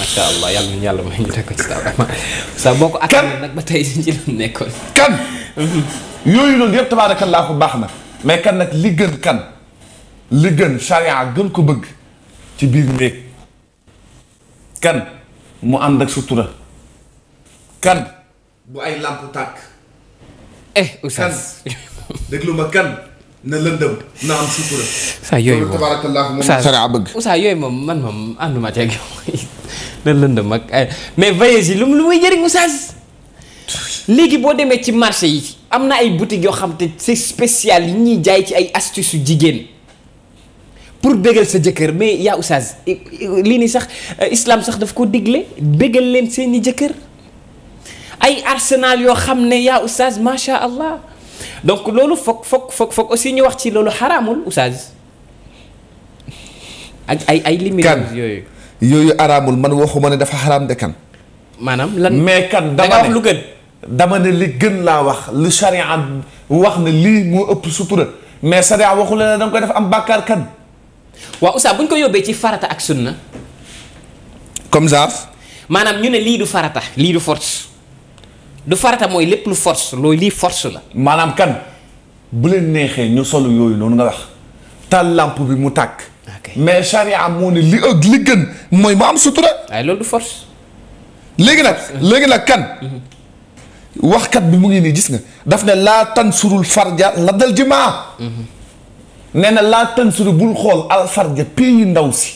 macha allah yàlla nañu yàlla may ñu teg ko ci saa nag ba tey ci la nekkoon. kan. yooyu noonu yëpp tabaarakallaahu baax na. mais kan nag li gën kan. li gën charia ko bëgg. biir néeg. mu ànd ak kan. bu ay làmp tàkk. Eh, ma kan. na na am sutura. saa yooyu moom man moom ànduma ceeg na lëndëm ak eh, mais voyage yi lu lu muy jëriñ oustaz léegi boo demee ci marché yi am na ay boutiques yoo xam te c'est yi ñuy jaay ci ay astuces yu jigéen pour bégal sa jëkkër mais yaa oustaz lii ni sax euh, islam sax daf ko digle bégal leen seeni jëkkër ay arsenal yoo xam ne yaa oustaz macha allah donc loolu foog foog foog foog aussi ñu wax ci loolu xaramul oustaz ak ay ay limites yooyu yooyu araamul man waxuma ne dafa xaraam de kan. maanaam lan mais kan dama wax lu gën. dama ne li gën laa wax lu sharia wax ne lii moo ëpp sutura mais sharia waxu la ne da nga koy def am bàkkaar kan. waaw Oustaz bu ñu ko yóbbee ci farata ak na comme genre. maanaam ñu ne lii du farata lii du force du farata mooy lépp lu force loolu lii force la. maanaam kan bu leen neexee ñu solu yooyu noonu nga wax taal làmp bi mu tàkk. mais charia moo ne li ëpp li gën mooy mu am sutura. ay loolu du force. léegi nag léegi nag kan. waxkat bi mu ngi nii gis nga daf ne laa tansurul farja la dal jimaa. nee na laa tansuru bul xool al farja pii ndaw si.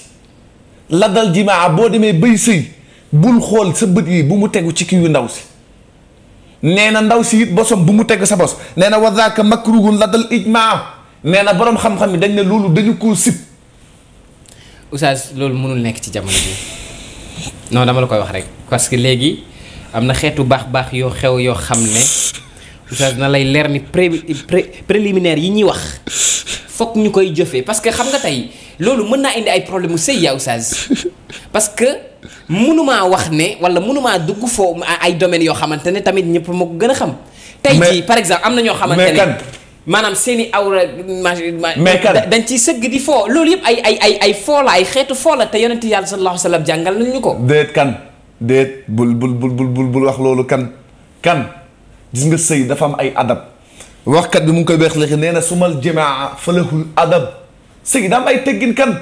la dal jimaa boo demee bay sëy bul xool sa bët yi bu mu tegu ci kii yu ndaw si. nee na ndaw si it bosom bu mu tegu sa bos nee na wa daaka makruhun la dal ijmaa nee na borom xam-xam yi dañ ne loolu dañu koo sib. oustaz loolu mënul nekk ci jamono bi non dama la koy wax rek parce que léegi am na xeetu baax baax yoo xew yoo xam ne oustaz na lay leer ni pré préliminaire yi ñuy wax fokk ñu koy jëfee parce que xam nga tey loolu mën naa indi ay problème mu sëy yaa oustaz parce que mënumaa wax ne wala mënumaa dugg foo ay domaines yoo xamante ne tamit ñëpp ma ko gën a xam. tey jii par exemple am na ñoo xamante maanaam seen i ma mais dañ ciy sëgg di foo loolu yëpp ay ay ay ay ay xeetu foo la te yonent yàlla sallallahu alayhi wa sallam jàngal nañu ko. déet kan déet bul bul bul bul bul wax loolu kan kan gis nga sëy dafa am ay adab waxkat bi mu ngi koy weex léegi nee na sumal jamaa falahul adab sëy daa am ay teggin kan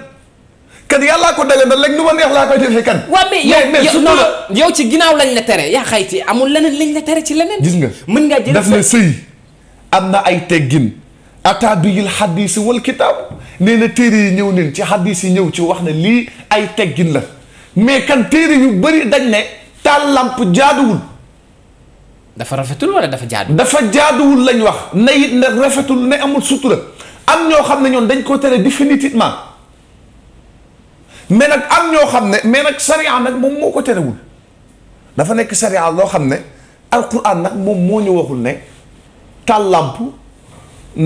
kan yàllaa ko daganal léegi nu ma neex laa koy defee kan. waaw mais yow yow ci ginaaw lañ la tere yaa xayti amul leneen lañ la tere ci leneen. gis nga daf la sëy. am na ay teggin ata biyil xaddiisi wal kitaab nee na téere yi ñëw neen ci xaddiis yi ñëw ci wax na lii ay teggin la mais kan téere yu bëri dañ ne taal lamp jaaduwul dafa rafetul wala dafa jaaduwul dafa jaaduwul lañ wax ne it ne rafetul ne amul sutura am ñoo xam ne ñoom dañ ko tere définitivement mais nag am ñoo xam ne mais nag sariya nag moom moo ko terewul dafa nekk sariya loo xam ne al alquran nag moom moo ñu waxul ne taal làmp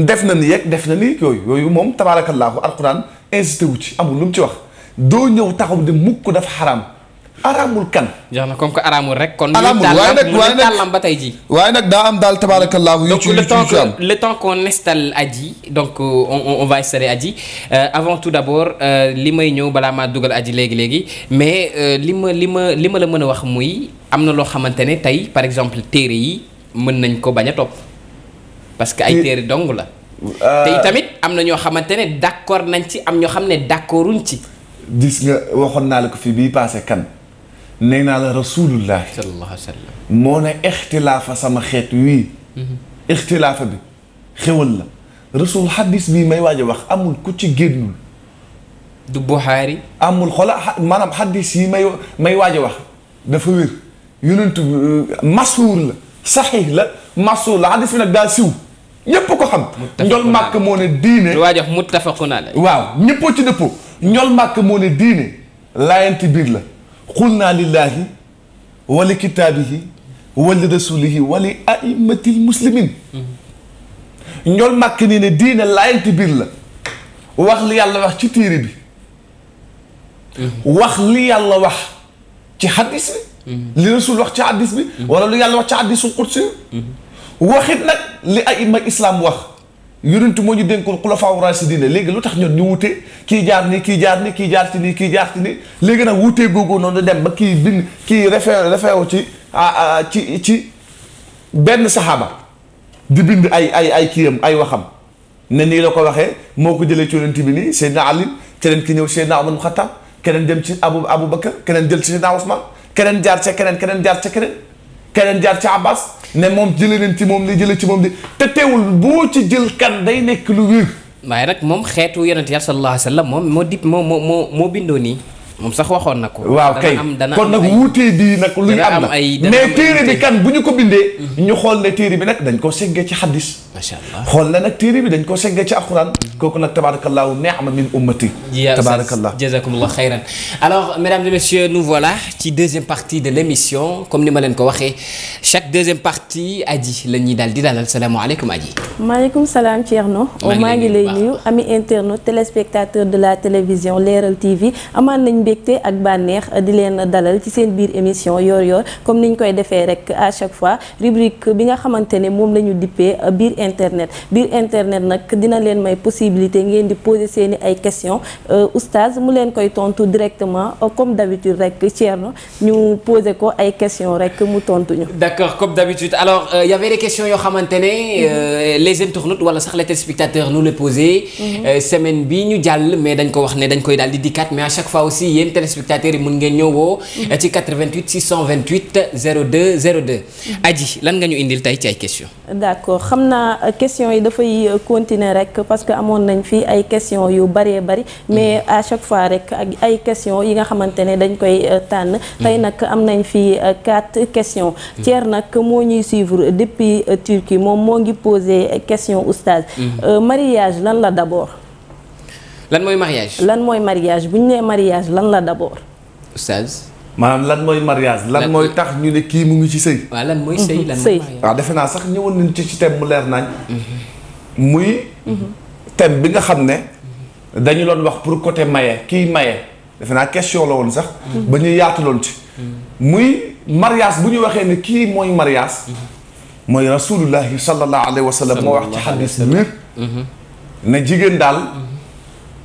def na ni yeeg def na ni yooyu yooyu moom tabaarakallaahu alquran insisté wu ci lu mu ci wax doo ñëw taxaw di mukk dafa xaraam araamul kan. jeex na kon araamul waaye nag waaye nag tey ji waaye nag am daal tabaarakallaahu. yu ci yu ci am donc le temps qu'on donc euh, on on va installer Adji euh, avant euh, li may ñëw balaa maa dugal Adji léegi léegi mais li ma li ma li ma la mën a wax muy am na loo xamante ne tey par exemple téere yi mën nañ ko bañ a topp. parce que ay téere dong la. Euh, te tamit am na ñoo xamante ne d'accord nañ ci am ñoo xam ne d'accorduñ ci. gis nga waxoon naa la ko fii bii paase kan. nee naa la rasulullah. moo ne ixtilaafa sama xeet wii. Mhm. ixtilaafa bi xéwal la. rasul hadis bii may waaj a wax amul ku ci génnul. du Buxaari. amul xoola maanaam hadis yi may may waaj a wax dafa wér yonent euh, masuur la saxiix la masuur la hadis bi nag daa siw. ñëpp ko xam. njol màkk moo ne diine. lu waaj muttafaqun alayhi waaw ñëppoo ci màkk moo ne diine. laayanti biir la. xul naa lillaahi wa li kitaabihi wa li rasulihi wa li aimatil muslimin. màkk mhm. nii ne diine laayanti biir la. wax li yàlla wax ci téere bi. Mhm. wax li yàlla wax ci hadis bi. Mhm. li rasul wax ci hadis bi. wala lu yàlla wax ci hadisul qudsi waxit nag li ay ma islam wax yonentu moo ñu dénkoon xulafaaw raasidiina léegi lu tax ñoom ñu wute kii jaar ni kii jaar ni kii jaar ci nii kii jaar ci nii léegi nag wutee googu noonu dem ba kii bind kii refe refew ci ci ci benn saxaaba di bind ay ay ay kii kiyam ay waxam ne nii la ko waxee moo ko jëlee ci yonent bi nii Seydina Ali keneen ki ñëw Seydina Omar Xattaab keneen dem ci Abu Abubakar keneen jël ci Seydina Ousmane keneen jaar ca keneen keneen jaar ca keneen keneen jaar ca Abbas ne moom jëlee nañ ci moom li jëlee ci moom li te teewul boo ci jël kan day nekk lu wér. waaye nag moom xeetu yonent yàlla sallallahu alayhi wa sallam moom moo dip moo moo moo bindoo nii. moom sax waxoon na ko. waaw kay kon nag wuutee bii nag luy am na mais téere bi kan bu ñu ko bindee. Mhm. ñu xool ne téere bi nag dañ ko seggee ci xaddis. na nag téere bi dañ ko seggee ci alquran. kooku nag tabarakallahu neexma min ummati. tabarakallah jazakumullah xayran alors mesdames et messieurs nous ci deuxième partie de l' émission comme ni ma leen ko waxee chaque deuxième partie aji la ñuy daal di dalal salaamaaleykum aji. maaleykum salaam Thierno. maa ngi lay nuyu ami internaute téléspectateur de la télévision Leral TV amaan mbégte ak bànneex di leen dalal ci seen biir émission yoor yoor comme niñ koy defee rek à chaque fois rubrique bi nga xamante ne moom la ñu dippee biir internet biir internet nag dina leen may possibilité ngeen di poser seeni ay questions euh, oustaz mu leen koy tontu directement comme d'habitude rek Thierno ñu poser ko ay questions rek mu tontu ñu. d'accord comme d'habitude alors euh, y avait des questions yoo xamante ne mhm. euh, les internautes wala sax les téléspectateurs nous les mhm. euh, bi ñu jàll mais dañ wax ne dañ yéen téléspectateurs yi mun ngeen ñëwoo. Mhm. ci 88 628 02 02. Adji lan nga ñu indil tey ci ay questions. d'accord xam naa euh, questions yi dafay euh, continuer rek parce que amoon nañ fi ay questions yu bëree bëri mais mhm. à chaque fois rek ak ay questions yi nga xamante ne dañ koy euh, tànn. tey mhm. nag am nañ fi quatre questions. Thierre nag moo ñuy suivre depuis Turquie moom moo ngi poser question oustaz. mariage lan la d'abord. lan mooy mariage. lan mooy mariage bu ñu nee mariage lan la d'abord. oustaz. maanaam lan mooy mariage lan mooy tax ñu ne kii mu ngi ci sëy. waaw lan mooy sëy lan mhm, mooy mariage. waaw defe naa sax ñëwoon nañ ci ci thème mu leer nañ. Mhm. muy. Mhm. thème bi nga xam ne. dañu doon wax pour côté maye kii maye defe naa question la woon sax. ba ñu yaatuloon ci. muy mariage bu ñu waxee ne kii mooy mariage. mooy rasulullahi sallallahu alayhi wa sallam moo wax ci xadis bi. ne jigéen daal.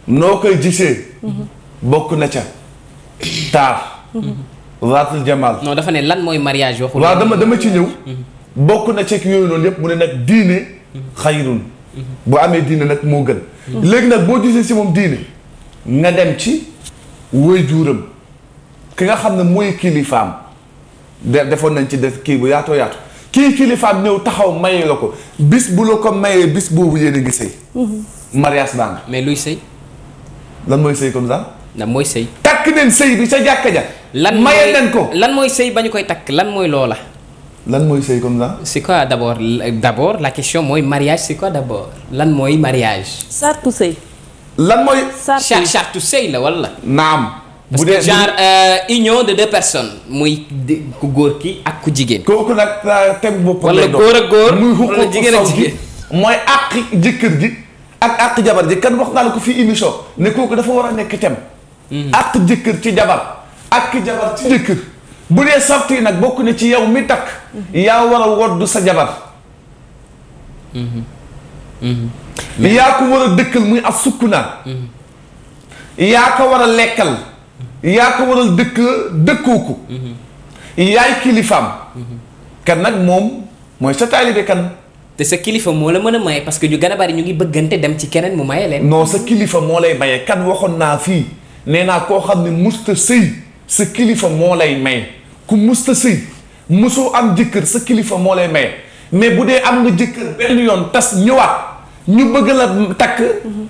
noo koy gisee. bokk na ca taar. zaatul jamaal. noo dafa ne lan mooy mariage waxul. waaw dama dama ci ñëw. Mhm. bokk na ceeg yooyu noonu yëpp mu ne nag diine. Mhm. xayrun mhm. bu amee diine nag moo gën. léegi nag boo gisee si moom diine. nga dem ci woy juuram ki nga xam ne mooy kilifaam de defoon nañ ci def kii bu yaatoo yaatu kii kilifaam ñëw taxaw maye la ko bis bu la ko mayee bis boobu yéen a ngi sëy mariage baa nga mais luy sëy lan mooy sëy comme ça. lan mooy sëy. takk neen sëy bi sa jàkka ja. lan mooy maye ko lan mooy sëy ba ñu koy takk lan mooy loola. lan mooy sëy comme ça. c'est quoi d'abord d'abord la question mooy mariage c'est quoi d'abord lan mooy mariage. sartu sëy. lan mooy. sartu sartu sëy la wala. naam. bu dee parce que genre euh, union de deux personnes muy ku góor ki ak ku jigéen. kooku nag euh, thème boppam lay doon muy xukk jigéen ak jigéen. mooy àq jëkkër ji. ak àq jabar ji kan wax naa la ko fii émission ne kooku dafa war a nekk tem hmm. àq jëkkër ci jabar ak jabar ci jëkkër bu dee sart yi nag bokk na ci yow mi takk hmm. yaa war a wodd sa jabar hmm. yaa ko war a dëkka muy war a lekkal yaa war a dëkk dëkkoo yaay kilifaam kan nag moom mooy sa taalibe kan sa kilifa moo la mën a maye parce que ñu gën ñu ngi bëggante dem ci keneen mu maye leen. non sa kilifa moo lay maye kan waxoon naa fii nee naa koo xam ne musta sëy sa kilifa moo lay may ku musta sëy musoo am jëkkër sa kilifa moo lay maye mais bu dee am nga jëkkër benn yoon tas ñëwaat. ñu bëgg la takk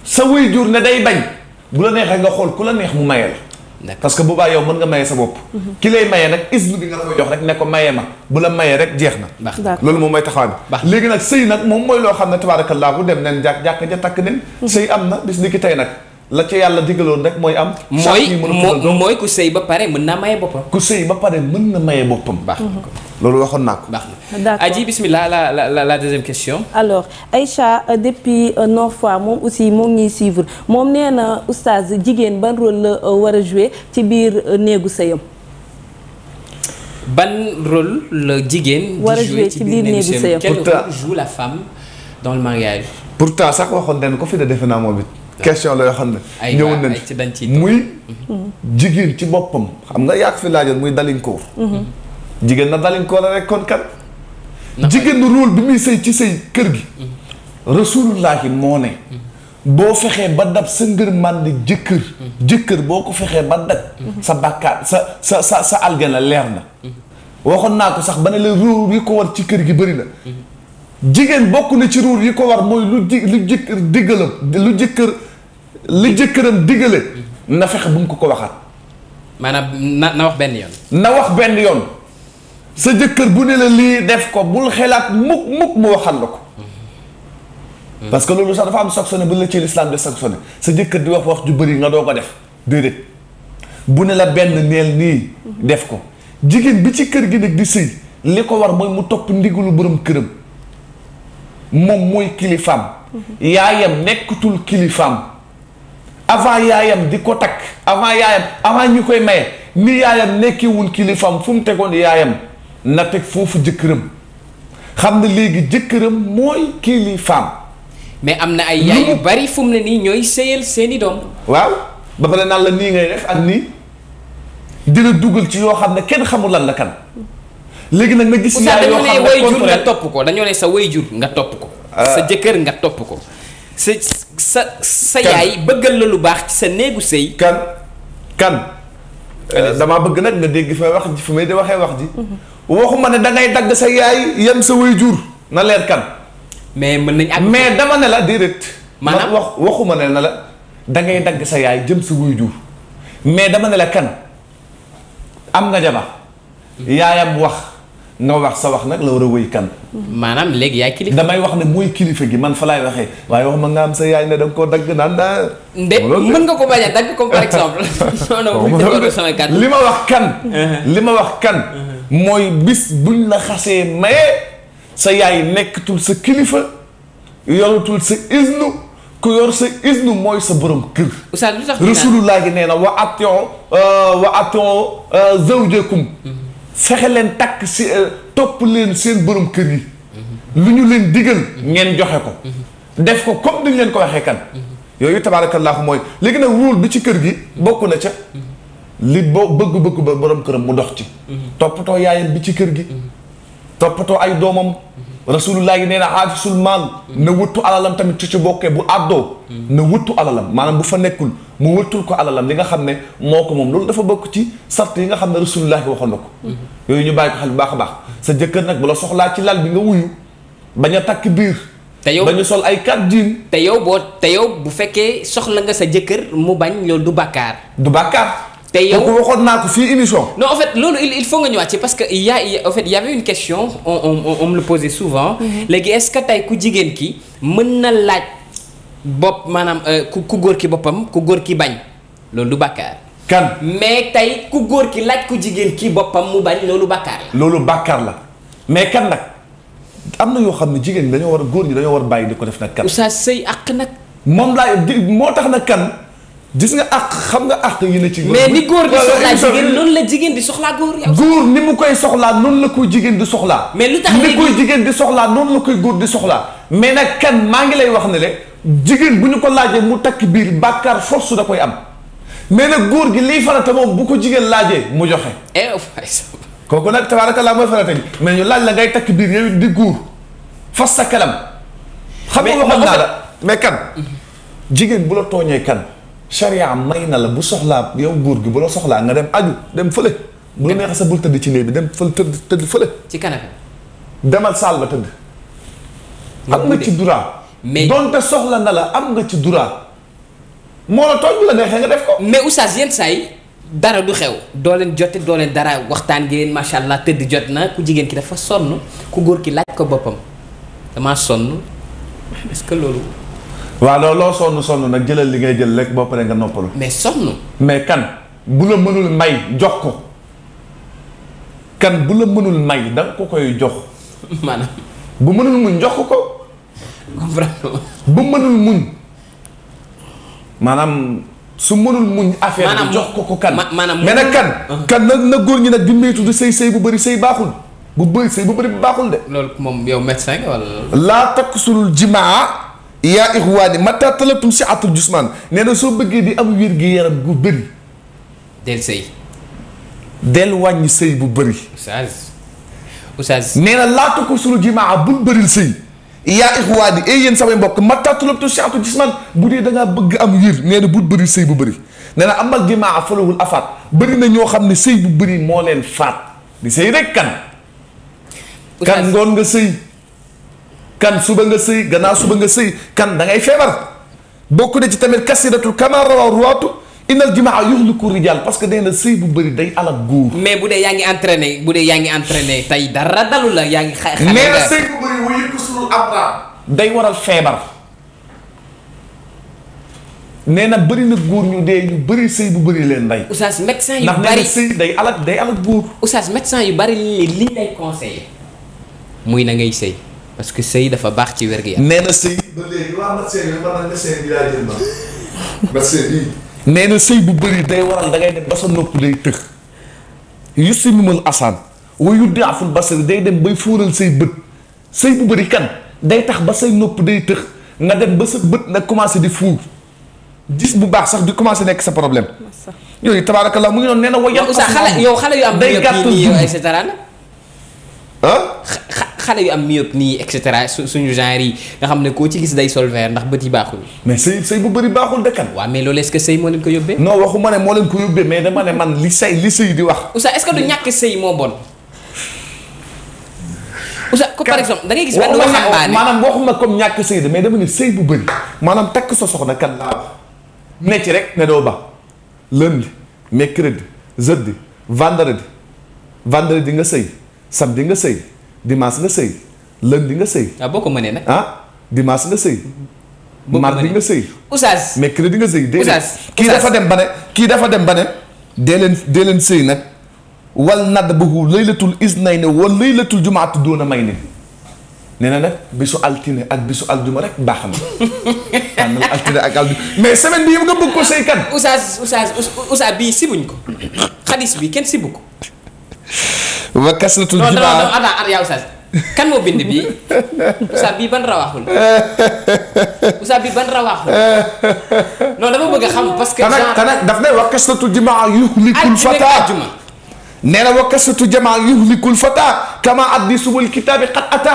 sa waajur ne day bañ bu la neexee nga xool ku la neex mu maye la parce que boobaa yow mën nga maye sa bopp mhm. ki lay maye nag isbu bi nga koy jox rek ne ko maye ma bu la mayee rek jeex na loolu moom mooy taxawaay bi léegi nag sëy nag moom mooy loo xam ne tabaarakallaa bu dem neen jàkk jàkk ja takk mhm. sëy am na bis ni ki tey nag la ca yàlla digaloon rek mooy am mooy mooy ku sëy ba pare mën naa maye boppam ku sëy ba pare mën na maye boppam baax loolu waxoon nag ko. baax na d'accord Adji bismillah la la la deuxième question. alors Aïcha euh, depuis euh, fois moom aussi moom ngi suivre moom nee na oustaz jigéen ban rôle la euh, war a jouer ci biir néegu sëyam. ban rôle la jigéen. war a jouer ci biir néegu sëyam quel rôle joue la femme dans le mariage. pourtant waxoon nañ ko fi de defe naa moom it. question la yoo xam ne ñëw nañ muy mhm. jigéen ci boppam xam nga yaa ko fi laajoon muy dalin koor jigéen na dalin ko rek kon kan jigéen na rôle bi muy sëy ci sëy kër gi mm-hmm. rasulullahi moo ne mm-hmm. boo fexee ba dab sa ngër màndi jëkkër mm-hmm. jëkkër boo ko fexee ba dab sa bàkkaar sa sa sa sa algana leer na waxoon naa ko sax ba ne la ruur yi ko war ci kër gi bëri na jigéen bokk na ci ruur yi ko war mooy lu ji lu jëkkër diggalam lu jëkkër lu jëkkëram diggale na fexe bu mu ko ko waxaat maanaam na na wax benn yoon na wax benn yoon sa jëkkër bu ne la lii def ko bul xelaat mukk mukk mu waxal la ko parce que loolu sax dafa am sanctionné bu la ci l'islam de sanctionné sa jëkkër di wax wax ju bëri nga doo ko def déedéet bu ne la benn neel nii def ko jigéen bi ci kër gi nag di sëy li ko war mooy mu topp ndigalu boroom këram moom mooy kilifaam yaayam nekkatul kilifaam avant yaayam di ko takk avant yaayam avant ñu koy maye ni yaayam nekkiwul kilifaam fu mu tegoon yaayam na teg foofu jëkkëram xam ne léegi jëkkëram mooy kilifaam mais am na ay yaay yu bari fu mu ne nii ñooy sëyal seeni doom waaw ba pare naan la nii ngay def ak nii dina dugal ci yoo xam ne kenn xamul lan la kan léegi nag nga gis yaay yoo xam ne topp ko dañoo ne sa way jur nga topp ko ah. sa jëkkër nga topp ko sa sa sa yaay bëggal la lu baax ci sa néegu sëy kan kan euh, damaa bëgg nag nga dégg fi may wax waxee wax ji mhm. waxuma ne da ngay dagg sa yaay yem sa way jur na leer kan. mais mën nañ ak mais dama ne la déedéet. maanaam wax waxuma ne na la da ngay dagg sa yaay jëm sa way jur mais dama ne la kan am nga jabar mhm. yaayam wax nga wax sa wax nag la war a wéy kan. Mhm. maanaam léegi yaay kilifa. damay wax ne mooy kilifa gi man fa laay waxee waaye wax ma nga am sa yaay ne da nga koo dagg naan daa. nde mën nga ko bañ a dagg comme par exemple. <laughs> li ma wax kan. Uh-huh. li ma wax kan. Uh-huh. mooy bis buñ la xasee maye sa yaay nekkatul sa kilifa yoratul sa isnu ku yor sa isnu mooy sa borom kër. oustaz lu tax rasulullah gi nee na wa ation euh, wa ation euh, zawjakum leen takk si euh, topp leen seen borom kër yi. lu ñu leen digal ngeen joxe ko. def ko comme duñ leen ko waxee kan. Mhm. yooyu tabaarakallaahu mooy léegi nag wóol bi ci kër gi bokk na ca. li boo bëgg-bëgg ba borom këram mu ndox ci. Mhm. toppatoo yaayam bi ci kër gi. Mhm. toppatoo ay doomam. Mhm. rasulullah yi nee na xaafisul maal na wëttu alalam tamit ci ci bokkee bu àddoo na wëttu alalam maanaam bu fa nekkul mu wëttul ko alalam li nga xam ne moo ko moom loolu dafa bokk ci sart yi nga xam ne rasulullah yi waxoon na ko yooyu ñu bàyyi ko xel bu baax a baax sa jëkkër nag bu la soxlaa ci lal bi nga wuyu bañ a takk biir te yow bañu sol ay kat diin te yow boo te yow bu fekkee soxla nga sa jëkkër mu bañ loolu du bàkkaar du bàkkaar te yow donc waxoon naa ko fii émission. loolu il faut nga ñëwaat ci parce que il y a en fait il y avait une question on on on souvent. Mm-hmm. léegi est ce tey ku jigéen ki mën na laaj bopp maanaam euh, ku ku góor ki boppam ku góor ki bañ loolu du bàkkaar. kan mais tey ku góor ki laaj ku jigéen ki boppam mu bañ loolu bàkkaar la. loolu bàkkaar la mais kan nag am na yoo xam ne jigéen ñi dañoo war a góor ñi dañoo war a bàyyi di ko def nag kan. oustaz sëy ak nag. moom laa moo tax nag kan. gis nga àq xam nga àq yi na ci. góor mais ni góor di la jigéen di soxlaa góor. góor ni mu koy soxlaa noonu la koy jigéen di soxlaa. mais lu tax koy jigéen di soxlaa noonu la koy góor di soxlaa. mais na kan maa ngi lay wax ne rek jigéen bu ñu ko laajee mu takk biir bàkkaar force da koy am mais nag góor gi liy farata moom bu ko jigéen laajee mu joxe. Eh, kooku nag tabaarakallah mooy farata gi mais ñu laaj la ngay takk biir yow di góor fas sa kalam. xam nga waxoon kan mhm. jigéen bu la tooñee kan. charia may na la bu soxlaa yow nguur gi bu la soxlaa nga dem aju dem fële. bu la neexee sa bul tëdd ci néeg bi dem fël tëdd tëdd fële. ci canapé. demal saal ba tëdd. am nga ci droit. mais donte soxla na la am nga ci droit. moo la tooñ bu la neexee nga def ko. mais oustaz yenn saa dara du xew. doo leen jote doo leen dara waxtaan gi leen macha allah tëdd jot na ku jigéen ki dafa sonn ku góor ki laaj ko boppam damaa sonn est que loolu. waaw loolu loo sonn sonn nag jëlal li ngay jël rek boo paree nga noppalu. mais sonn. mais kan bu la mënul may jox ko kan bu la mënul may da ko koy jox. <laughs> maanaam. bu mënul muñ jox ko ko. bu mënul muñ maanaam. su mënul muñ affaire bi jox ko ko kan maanaam mais nag kan ah. kan nag na góor ñi nag di moytu di sëy sëy bu bëri sëy baaxul bu bëri sëy bu bëri bu baaxul de loolu moom yow médecin nga wala laa takk jimaa yaa ixwaani mata talatum si atul jusmaan neena soo bëggee di am wér gi yaram gu bëri. del sëy. del wàññi sëy bu bëri. oustaz oustaz. nee na laata ko sunu jimaa bul bëril sëy. yaa ixwaani ee eh yéen samay mbokk mata talatum si bu dee da bëgg am wér nee bul bëril sëy bu bëri nee na amal jimaa falawul afaat bëri na ñoo xam ne sëy bu bëri moo leen faat di sëy rek kan. kan ngoon nga sëy. kan suba nga sëy gannaaw suba nga sëy kan da ngay feebar bokk na ci tamit kasiratul kama rawa ruwaatu inal jimaa yuxliku rijal parce que nee na sëy bu bëri day alal góor. mais bu dee yaa ngi entraîné bu dee yaa ngi entraîné tey dara dalu la yaa ngi. xale nee na sëy bëri day waral feebar. nee na bëri na góor ñu dee ñu bëri sëy bu bëri leen ndey. oustaz médecin yu bari na sëy day alal day alal góor. oustaz médecin yu bari li liñ lay conseillé. muy na ngay sëy. parce que sëy dafa baax ci wér gi yaram. nee na sëy. ba léegi waa <laughs> nee na sëy bu bëri day waral da ngay dem ba sa nopp day tëx yu si mu mën asaan wa yu daaful basari day dem bay fóoral say bët sëy bu bëri kan day tax ba say nopp day tëx nga dem ba sa bët nga commencé di fuur gis bu baax sax di commencé nekk sa problème. yooyu la mu ngi noonu nee na. yow xale yu am. day gàttal yow xale yu am myope nii et cetera su suñu genre yi nga xam ne koo ci gis day solver ndax bët yi baaxul. mais sëy sëy bu bëri baaxul dëkkan. waaw mais loolu est-ce que sëy moo leen ko yóbbee. non waxuma ne moo leen ko yóbbee mais dama ne sëy da ngay gis benn maanaam waxuma comme ñàkk sëy mais dama ne sëy bu bëri maanaam takk sa soxna kan laa wax ne ci rek ne ba lundi mercredi jeudi vendredi vendredi nga sëy samedi nga sëy dimanche nga sëy lundi nga sëy. ah boo ko mënee nag. ah dimanche nga sëy. boo ko mardi nga sëy. oustaz mercredi nga sëy. oustaz kii dafa dem ba ne kii dafa dem ba ne. dee leen dee leen sëy nag. wal nadd bëggu laylatul isnayni wal laylatul jumaatu doona may ni nee na nag bisu altine ak bisu aljuma rek baax na <laughs> tànnal altine ak aljuma mais semaine bi yëpp nga bëgg ko sëy kan. oustaz oustaz oustaz bii sibuñ ko xadis bi kenn sibu ko. wa kasratul jibaa non non kan moo bëgg a xam parce que. genre tànn wa kasratu jimaa yuhlikul fataa nee na wa kasratu jamaa yuhlikul fataa kama addisumul kitaabi qad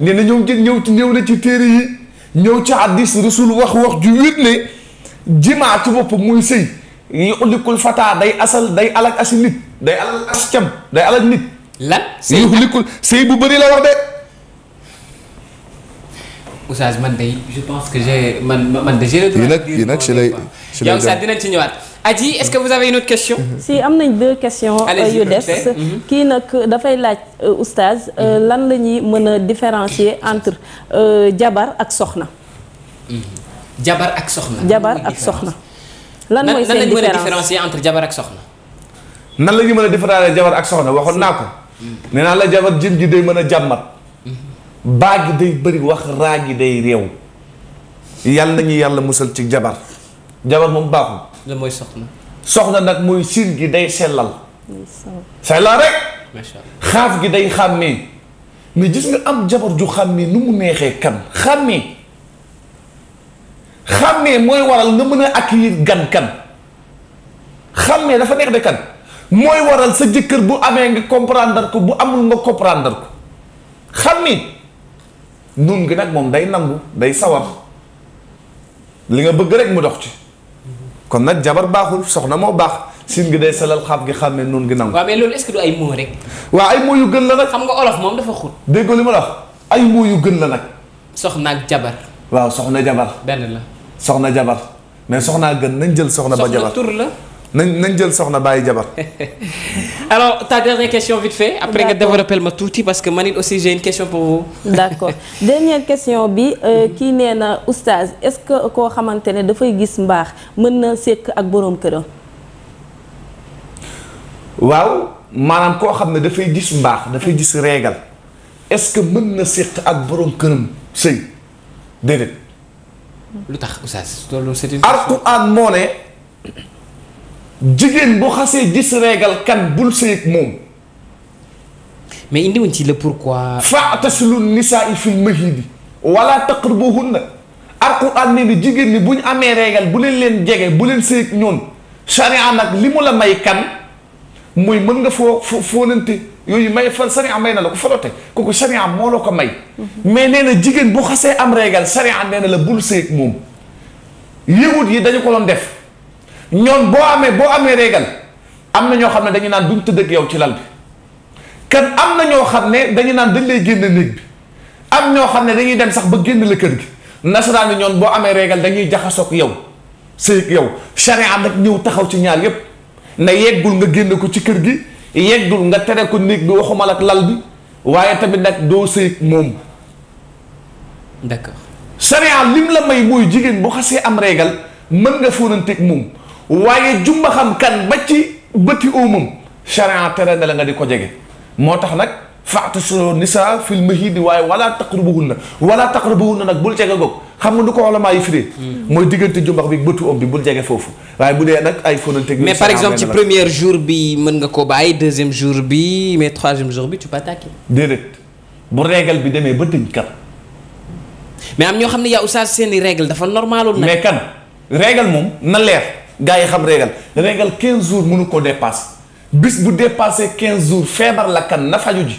ñëw ci ñëw ci ñëw na ci téere yi ñëw ci addis rasul wax wax ju wéet ne jimaa ci bopp day asal day alak day alal nit. lan. sëy bu bu bëri la wax man de je pense man man de j'ai le droit de dire ci lay yow Oustaz dinañ ci ñëwaat Adji est-ce que vous avez une question <laughs> si am nañ deux questions euh, yu des mm-hmm. kii nag euh, dafay laaj euh, Oustaz mm-hmm. lan la ñuy mën a différencier <coughs> entre mm-hmm. jabar ak soxna jabar ak soxna jabar ak soxna lan mooy seen différence lan la ñu différencier entre jabar ak soxna nan la ñu mën a différencier jabar ak soxna waxoon naa ko nee naa la jabar jëm ji day mën a jàmmat baa gi day bëri wax raa gi day réew yàlla nañu yàlla musal ci jabar jabar moom baaxul mooy soxna soxna nag mooy sir gi day sellal sellal rek xaaf gi day xàmmee mais gis nga am jabar ju xàmmee nu mu neexee kan xàmmee xàmmee mooy waral nga mën a accueillir gan kan xàmmee dafa neex de kan mooy waral sa jëkkër bu amee nga comprendre ko bu amul nga comprendre ko xam ni nun gi nag moom day nangu day sawar li nga bëgg rek mu dox ci kon nag jabar baaxul soxna moo baax sin gi day salal xaaf gi xàmme nun gi nangu. waaw mais loolu est-ce rek. waaw ay mots yu gën la nag. xam nga olof moom dafa xut. déggoo li ma la ay mots yu gën la nag. soxna ak jabar. waaw soxna jabar. benn la. soxna jabar mais soxnaa gën nañ jël soxna. ba jabar soxna tur la. nañ nañ jël soxna bàyyi jabar. <laughs> alors ta dernière question vite fait. après nga développé ma tuuti parce que man it aussi j'ai une question pour vous. <laughs> d'accord dernière question bi euh, kii nee na oustaz est-ce que koo xamante ne dafay gis mbaax mën na sekk ak boroom këram. waaw maanaam koo xam ne dafay gis mbaax dafay gis régal est-ce que mën na séq ak boroom këram sëy déedéet. lu tax oustaz loolu c'est moo ne. jigéen bu xasee gis reegal kan bul sëyeg moom mais indiwuñ ci la pourquoi fa taslu nisaa i fil mahidi wala na alquran ne ni jigéen ñi bu ñu amee reegal bu leen leen jege bu leen sëyeg ñoon sharia nag li mu la may kan mooy mën nga foo foo foonante yooyu may fa sharia may na la ko folote kooku sharia moo la ko may mm-hmm. mais nee na jigéen bu xasee am reegal sharia nee na la bul sëyeg moom yëwut yi dañu ko doon def ñoon boo amee boo amee réegal am na ñoo xam ne dañu naan duñ tëdd ak yow ci lal bi kan am na ñoo xam ne dañu naan dañ lay génn néeg bi am ñoo xam ne dañuy dem sax ba génn la kër gi nasaraan yi ñoon boo amee réegal dañuy jaxasoog yow sëy yow charia nag ñëw taxaw ci ñaar yépp na yeggul nga génn ko ci kër gi yeggul nga tere ko néeg bi waxumal ak lal bi waaye tamit nag doo sëy moom d'accord charia lim la may mooy jigéen bu xasee am réegal mën nga fóonanteeg moom waaye jumba xam kan ba ci bëti umam charia tere na la nga di ko jege moo tax nag fa'tashiruu nisaa fil mahiidi waaye wala taqrabuhunna wala taqrabuhunna nag bul jege goog xam nga du ko olamaa yi firee hmm. mooy diggante jumbax bi bëtu om bi bul jege foofu waaye bu dee nag ay fonante mais par exemple ci premier jour bi mën nga bàyyi deuxième jour bi mais troisième jour bi tu peux attaquer déedéet bu régal bi demee ba tëj mais am ñoo xam ne yaa oustaz seeni règle dafa normalul nag mais kan régal moom na leer gars yi xam régal régal quinze jours munu ko dépassé bis bu dépassé quinze jours feebar la kan na faju ji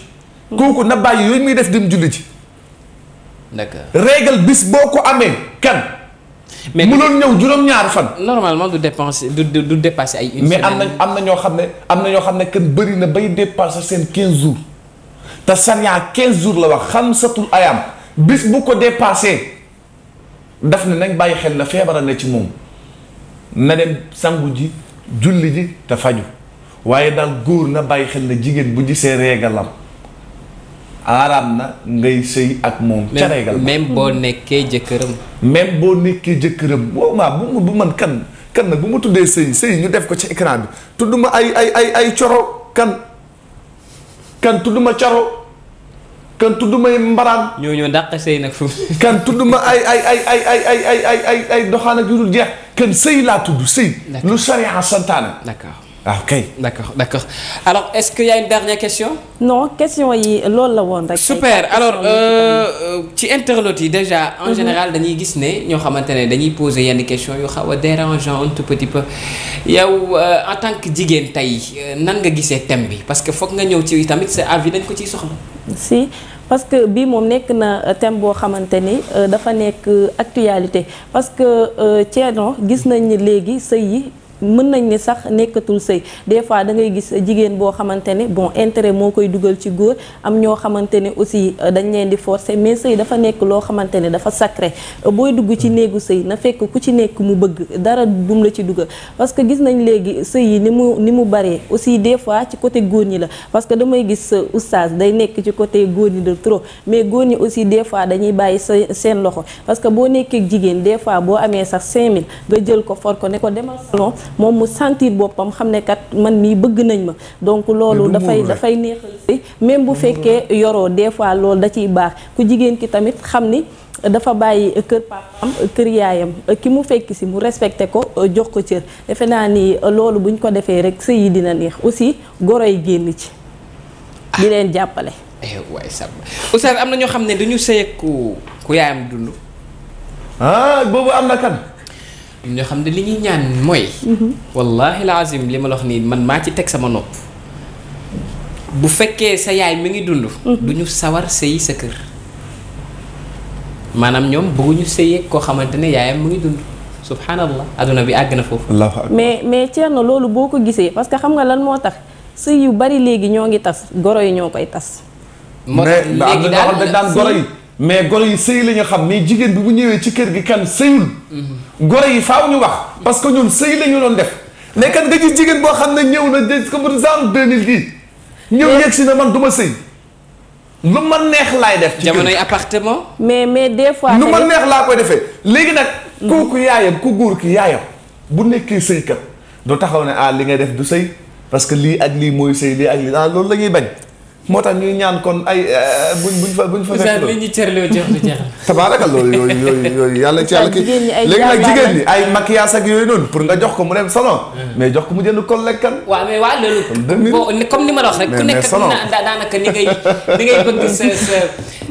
ko na bàyyi yooyu muy def dem julli ji d'accord régal bis boo ko amee kan mais mënoon ñëw juróom-ñaar fan. normalement du dépenser du du du dépasser ay. mais am na am na ñoo xam ne am na ñoo xam ne kan bëri na bay dépasser seen quinze jours te sariya 15 jours la wax xam satul ayam bis bu ko dépassé daf ne nañ bàyyi xel na feebara ne ci moom. na sangu ji julli ji te faju waaye daal góor na bàyyi xel na jigéen bu see reegalam araam na ngay sëy ak moom ca reegal même boo nekkee jëkkëram même boo nekkee jëkkëram boo maa bu bu man kan kan nag bu ma tuddee sëy sëy ñu def ko ci écran bi tudduma ay ay ay ay coro kan kan tudduma coro kan tuddumay mbaraan ñoo ñoo dàq sëy nag fu kan tudduma ay ay ay ay ay doxaan ak yu jeex kenn sëy laa tudd sëy lu sariya santaane d'accord waaw ah, kay d'accord d'accord alors est-ce qu'il y a une dernière question non question yi loolu la woon rek super alors euh, euh, ci internautes yi déjà en mhm. général dañuy gis ne ñoo xamante ne dañuy poser yenn question yu xaw a dérangeant un tout yow euh, en tant que jigéen tey nan nga gisee thème bi parce que foog nga ñëw ci tamit sa avis dañ ko ciy soxla parce que bii moom nekk na euh, thème boo xamante ni euh, dafa nekk euh, actualité parce que Thierno gis nañ ni léegi sëy yi mën nañ ne sax nekkatul sëy des fois da ngay gis jigéen boo xamante ne bon intérêt moo koy dugal ci góor am ñoo xamante ne aussi euh, dañ leen di forcer mais sëy dafa nekk loo xamante ne dafa sacré euh, booy dugg ci néegu sëy na fekk ku ci nekk mu bëgg dara bum la ci dugal parce que gis nañ léegi sëy yi ni mu ni mu baree aussi des fois ci côté góor ñi la parce que damay gis euh, oustaz day nekk ci côté góor ñi de trop mais góor ñi aussi des fois dañuy bàyyi sa seen loxo parce que boo nekkee jigéen des fois boo amee sax 5000 nga jël ko for ko ne ko demal moom mu sentir boppam xam ne kat man mii bëgg nañ ma donc loolu dafay dafay neexal si même bu fekkee yoroo des fois loolu da ciy baax ku jigéen ki tamit xam ni dafa bàyyi kër papaam kër yaayam ki mu fekk si mu respecté ko euh, jox ko cër defe naa ni euh, loolu buñ ko defee rek sëy yi dina neex aussi goro yi génn ci di leen jàppale ah. eh, waaye sàmm oustaz am na ñoo xam ne dañu sëy ku ku yaayam dund ah, boobu am na kan ñoo xam ne li ñuy ñaan mooy. Mhm. wallaahi laazim li ma la wax nii man maa ci teg sama nopp. bu fekkee sa yaay mi ngi dund. Mhm. duñu ñu sawar sëyi sa kër. maanaam ñoom bëgguñu sëyeeg koo xamante ne yaayam mu ngi dund. subhanallah aduna bi àgg na foofu. mais mais na loolu boo ko gisee parce que xam nga lan moo tax sëy yu bari léegi ñoo ngi tas goro yi ñoo koy tas. moo tax léegi daal goro yi. mais goro yi sëy la ñu xam mais jigéen bi mu ñëwee ci kër gi kan sëyul mhm. goro yi faaw ñu wax parce que ñoom sëy la ñu doon def mais kan nga jigéen boo xam ne ñëw na de comme genre deux mille gii ñëw si na man du ma sëy lu ma neex laay def ci jamonoy appartement mais mais des fois lu ma neex laa koy defee léegi nag mhm. kooku yaayam ku góor ki yaayam bu nekkee sëykat du taxaw ne ah li ngay def du sëy parce que lii ak lii mooy sëy lii ak lii ah loolu la ñuy bañ moo tax ñuy ñaan kon ay eh, eh, buñ buñ fa buñ fa. fekk loolu li ñu cërloo tabaaraka loolu yooyu yooyu yooyu yàlla ci yàlla ki léegi nag jigéen ñi ay maquillage ak yooyu noonu pour nga jox ko mu dem solo hmm. mais jox ko mu jënd collègue kan. waaw mais waaw loolu. boo comme ni ma la wax rek. ku nekk daanaka ni ngay ni ngay bëgg sa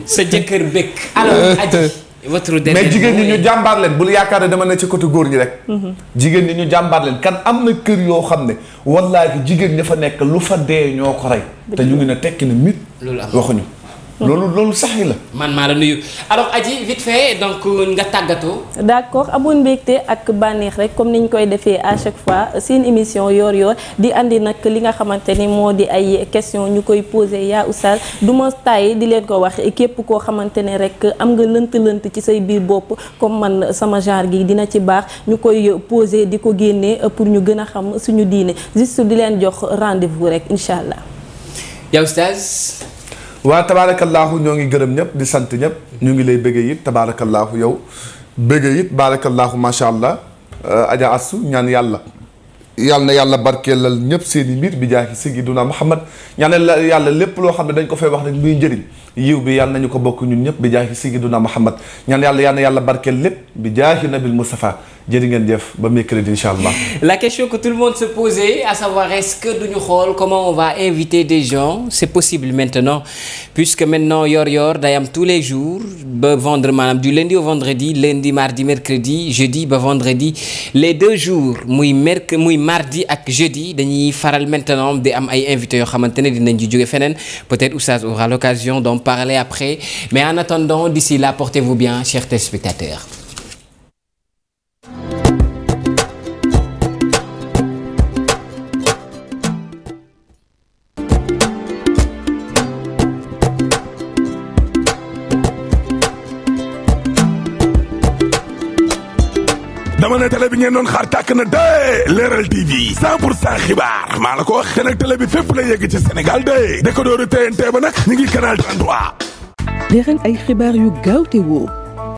sa jëkkër bëgg. alors aji. mais jigéen ñi ñu jàmbaar leen bul yaakaar ne dama na ci côté góor ñi rek mhm. jigéen ñi ñu jàmbaar kan am na kër yoo xam ne wallaahi jigéen ña fa nekk lu fa dee ñoo ko rey te ñu ngi ne tekki na ne mit waxuñu loolu loolu sax la. man maa la nuyu alors Adji vite fait donc nga tàggatoo. d' accord amoon mbégte ak bànneex rek comme ni ñu koy defee à chaque fois seen émission yoor-yoor di andi nag li nga xamante ni moo di ay question ñu koy posé yaa oustaz du ma di leen ko wax képp koo xamante ne rek am nga lënt-lënt ci say biir bopp comme man sama genre gi dina ci baax ñu koy posé di ko génnee pour ñu gën a xam suñu diine juste di leen jox rendez vous rek incha allah. yaa waa tabaarakallaahu ñoo ngi gërëm ñëpp di sant ñëpp ñu ngi lay bëggee it tabaarakallaahu yow bëggee it baarakallaahu macha allah euh, aja assu ñaan yàlla yàlla na yàlla barkeelal ñëpp seen i mbir bi jaaxi si gi dunaa Muhammad ñaanal la yàlla lépp loo xam ne dañ ko fay wax rek muy njëriñ yiw bi yàlla nañu ko bokk ñun ñëpp bi jaaxi si gi dunaa Muhammad ñaan yàlla yàlla yàlla barkeel lépp bi jaaxi nabil Mustafa jërë ngeen jëf ba mercredi incha allah. la question que tout le monde se posait à savoir est-ce que duñu xool comment on va inviter des gens c'est possible maintenant puisque maintenant yor yor day am tous les jours ba vendre maanaam du lundi au vendredi lundi mardi mercredi jeudi ba vendredi les deux jours muy merc muy mardi ak jeudi dañuy faral maintenant di am ay invités yoo xamante ne dinañ ci jóge feneen peut-être Oustaz aura l'occasion d'en parler après mais en attendant d'ici là portez-vous bien chers téléspectateurs ngeen doon xaar tàkk na de leeral TV 100 pour cent xibaar maa la ko wax te nag bi fépp la yegg ci senegal de décodeur TNT ba nag ñu ngi canal 33. leeral ay xibaar yu gaaw te wóor